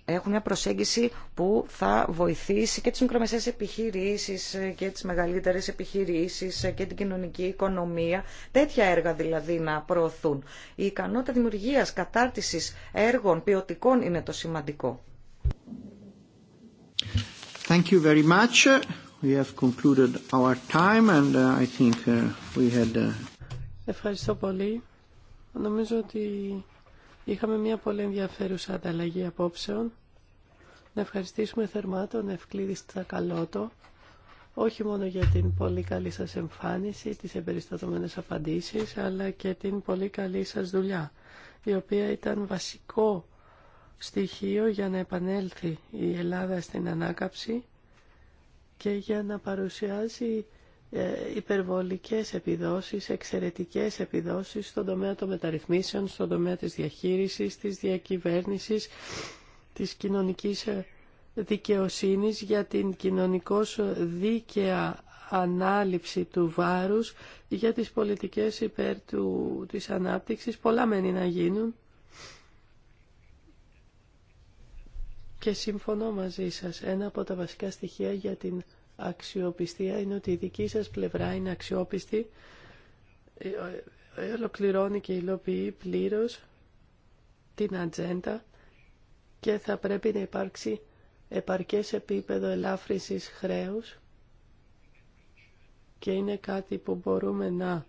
έχουν μια προσέγγιση που θα βοηθήσει και τις μικρομεσαίες επιχειρήσεις και τις μεγαλύτερες επιχειρήσεις και την κοινωνική οικονομία, τέτοια έργα δηλαδή να προωθούν. Η ικανότητα δημιουργίας, κατάρτισης έργων ποιοτικών είναι το σημαντικό. Thank you very much. We have concluded our time and uh, I think uh, we had... Uh, Ευχαριστώ πολύ. Νομίζω ότι Είχαμε μια πολύ ενδιαφέρουσα ανταλλαγή απόψεων. Να ευχαριστήσουμε θερμά τον Ευκλήδη Στακαλώτο, όχι μόνο για την πολύ καλή σας εμφάνιση, τις εμπεριστατωμένες απαντήσεις, αλλά και την πολύ καλή σας δουλειά, η οποία ήταν βασικό στοιχείο για να επανέλθει η Ελλάδα στην ανάκαψη και για να παρουσιάσει ε, υπερβολικές επιδόσεις, εξαιρετικές επιδόσεις στον τομέα των μεταρρυθμίσεων, στον τομέα της διαχείρισης, της διακυβέρνησης, της κοινωνικής ε, δικαιοσύνης για την κοινωνικώς δίκαια ανάληψη του βάρους για τις πολιτικές υπέρ του, της ανάπτυξης. Πολλά μένει να γίνουν και συμφωνώ μαζί σας. Ένα από τα βασικά στοιχεία για την αξιοπιστία είναι ότι η δική σας πλευρά είναι αξιόπιστη, ε, ε, ολοκληρώνει και υλοποιεί πλήρως την ατζέντα και θα πρέπει να υπάρξει επαρκές επίπεδο ελάφρυσης χρέους και είναι κάτι που μπορούμε να,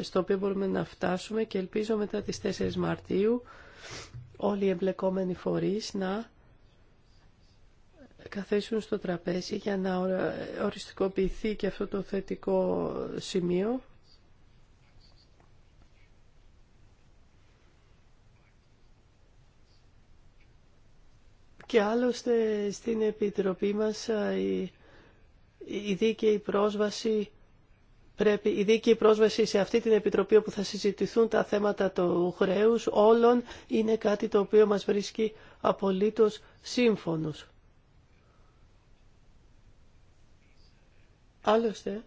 στο οποίο μπορούμε να φτάσουμε και ελπίζω μετά τις 4 Μαρτίου όλοι οι εμπλεκόμενοι φορείς να καθέσουν στο τραπέζι για να οριστικοποιηθεί και αυτό το θετικό σημείο. Και άλλωστε στην Επιτροπή μας η, η δίκαιη πρόσβαση πρέπει η δίκαιη πρόσβαση σε αυτή την Επιτροπή όπου θα συζητηθούν τα θέματα του χρέους όλων είναι κάτι το οποίο μας βρίσκει απολύτως σύμφωνος. Άλλωστε,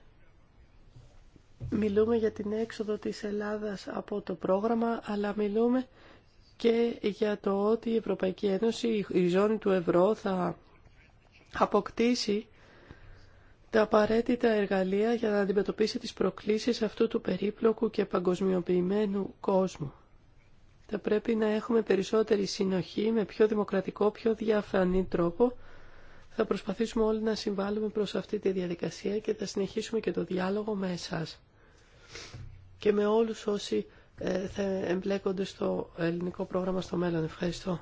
μιλούμε για την έξοδο της Ελλάδας από το πρόγραμμα, αλλά μιλούμε και για το ότι η Ευρωπαϊκή Ένωση, η ζώνη του ευρώ θα αποκτήσει τα απαραίτητα εργαλεία για να αντιμετωπίσει τις προκλήσεις αυτού του περίπλοκου και παγκοσμιοποιημένου κόσμου. Θα πρέπει να έχουμε περισσότερη συνοχή με πιο δημοκρατικό, πιο διαφανή τρόπο θα προσπαθήσουμε όλοι να συμβάλλουμε προς αυτή τη διαδικασία και θα συνεχίσουμε και το διάλογο με εσάς και με όλους όσοι ε, θα εμπλέκονται στο ελληνικό πρόγραμμα στο μέλλον. Ευχαριστώ.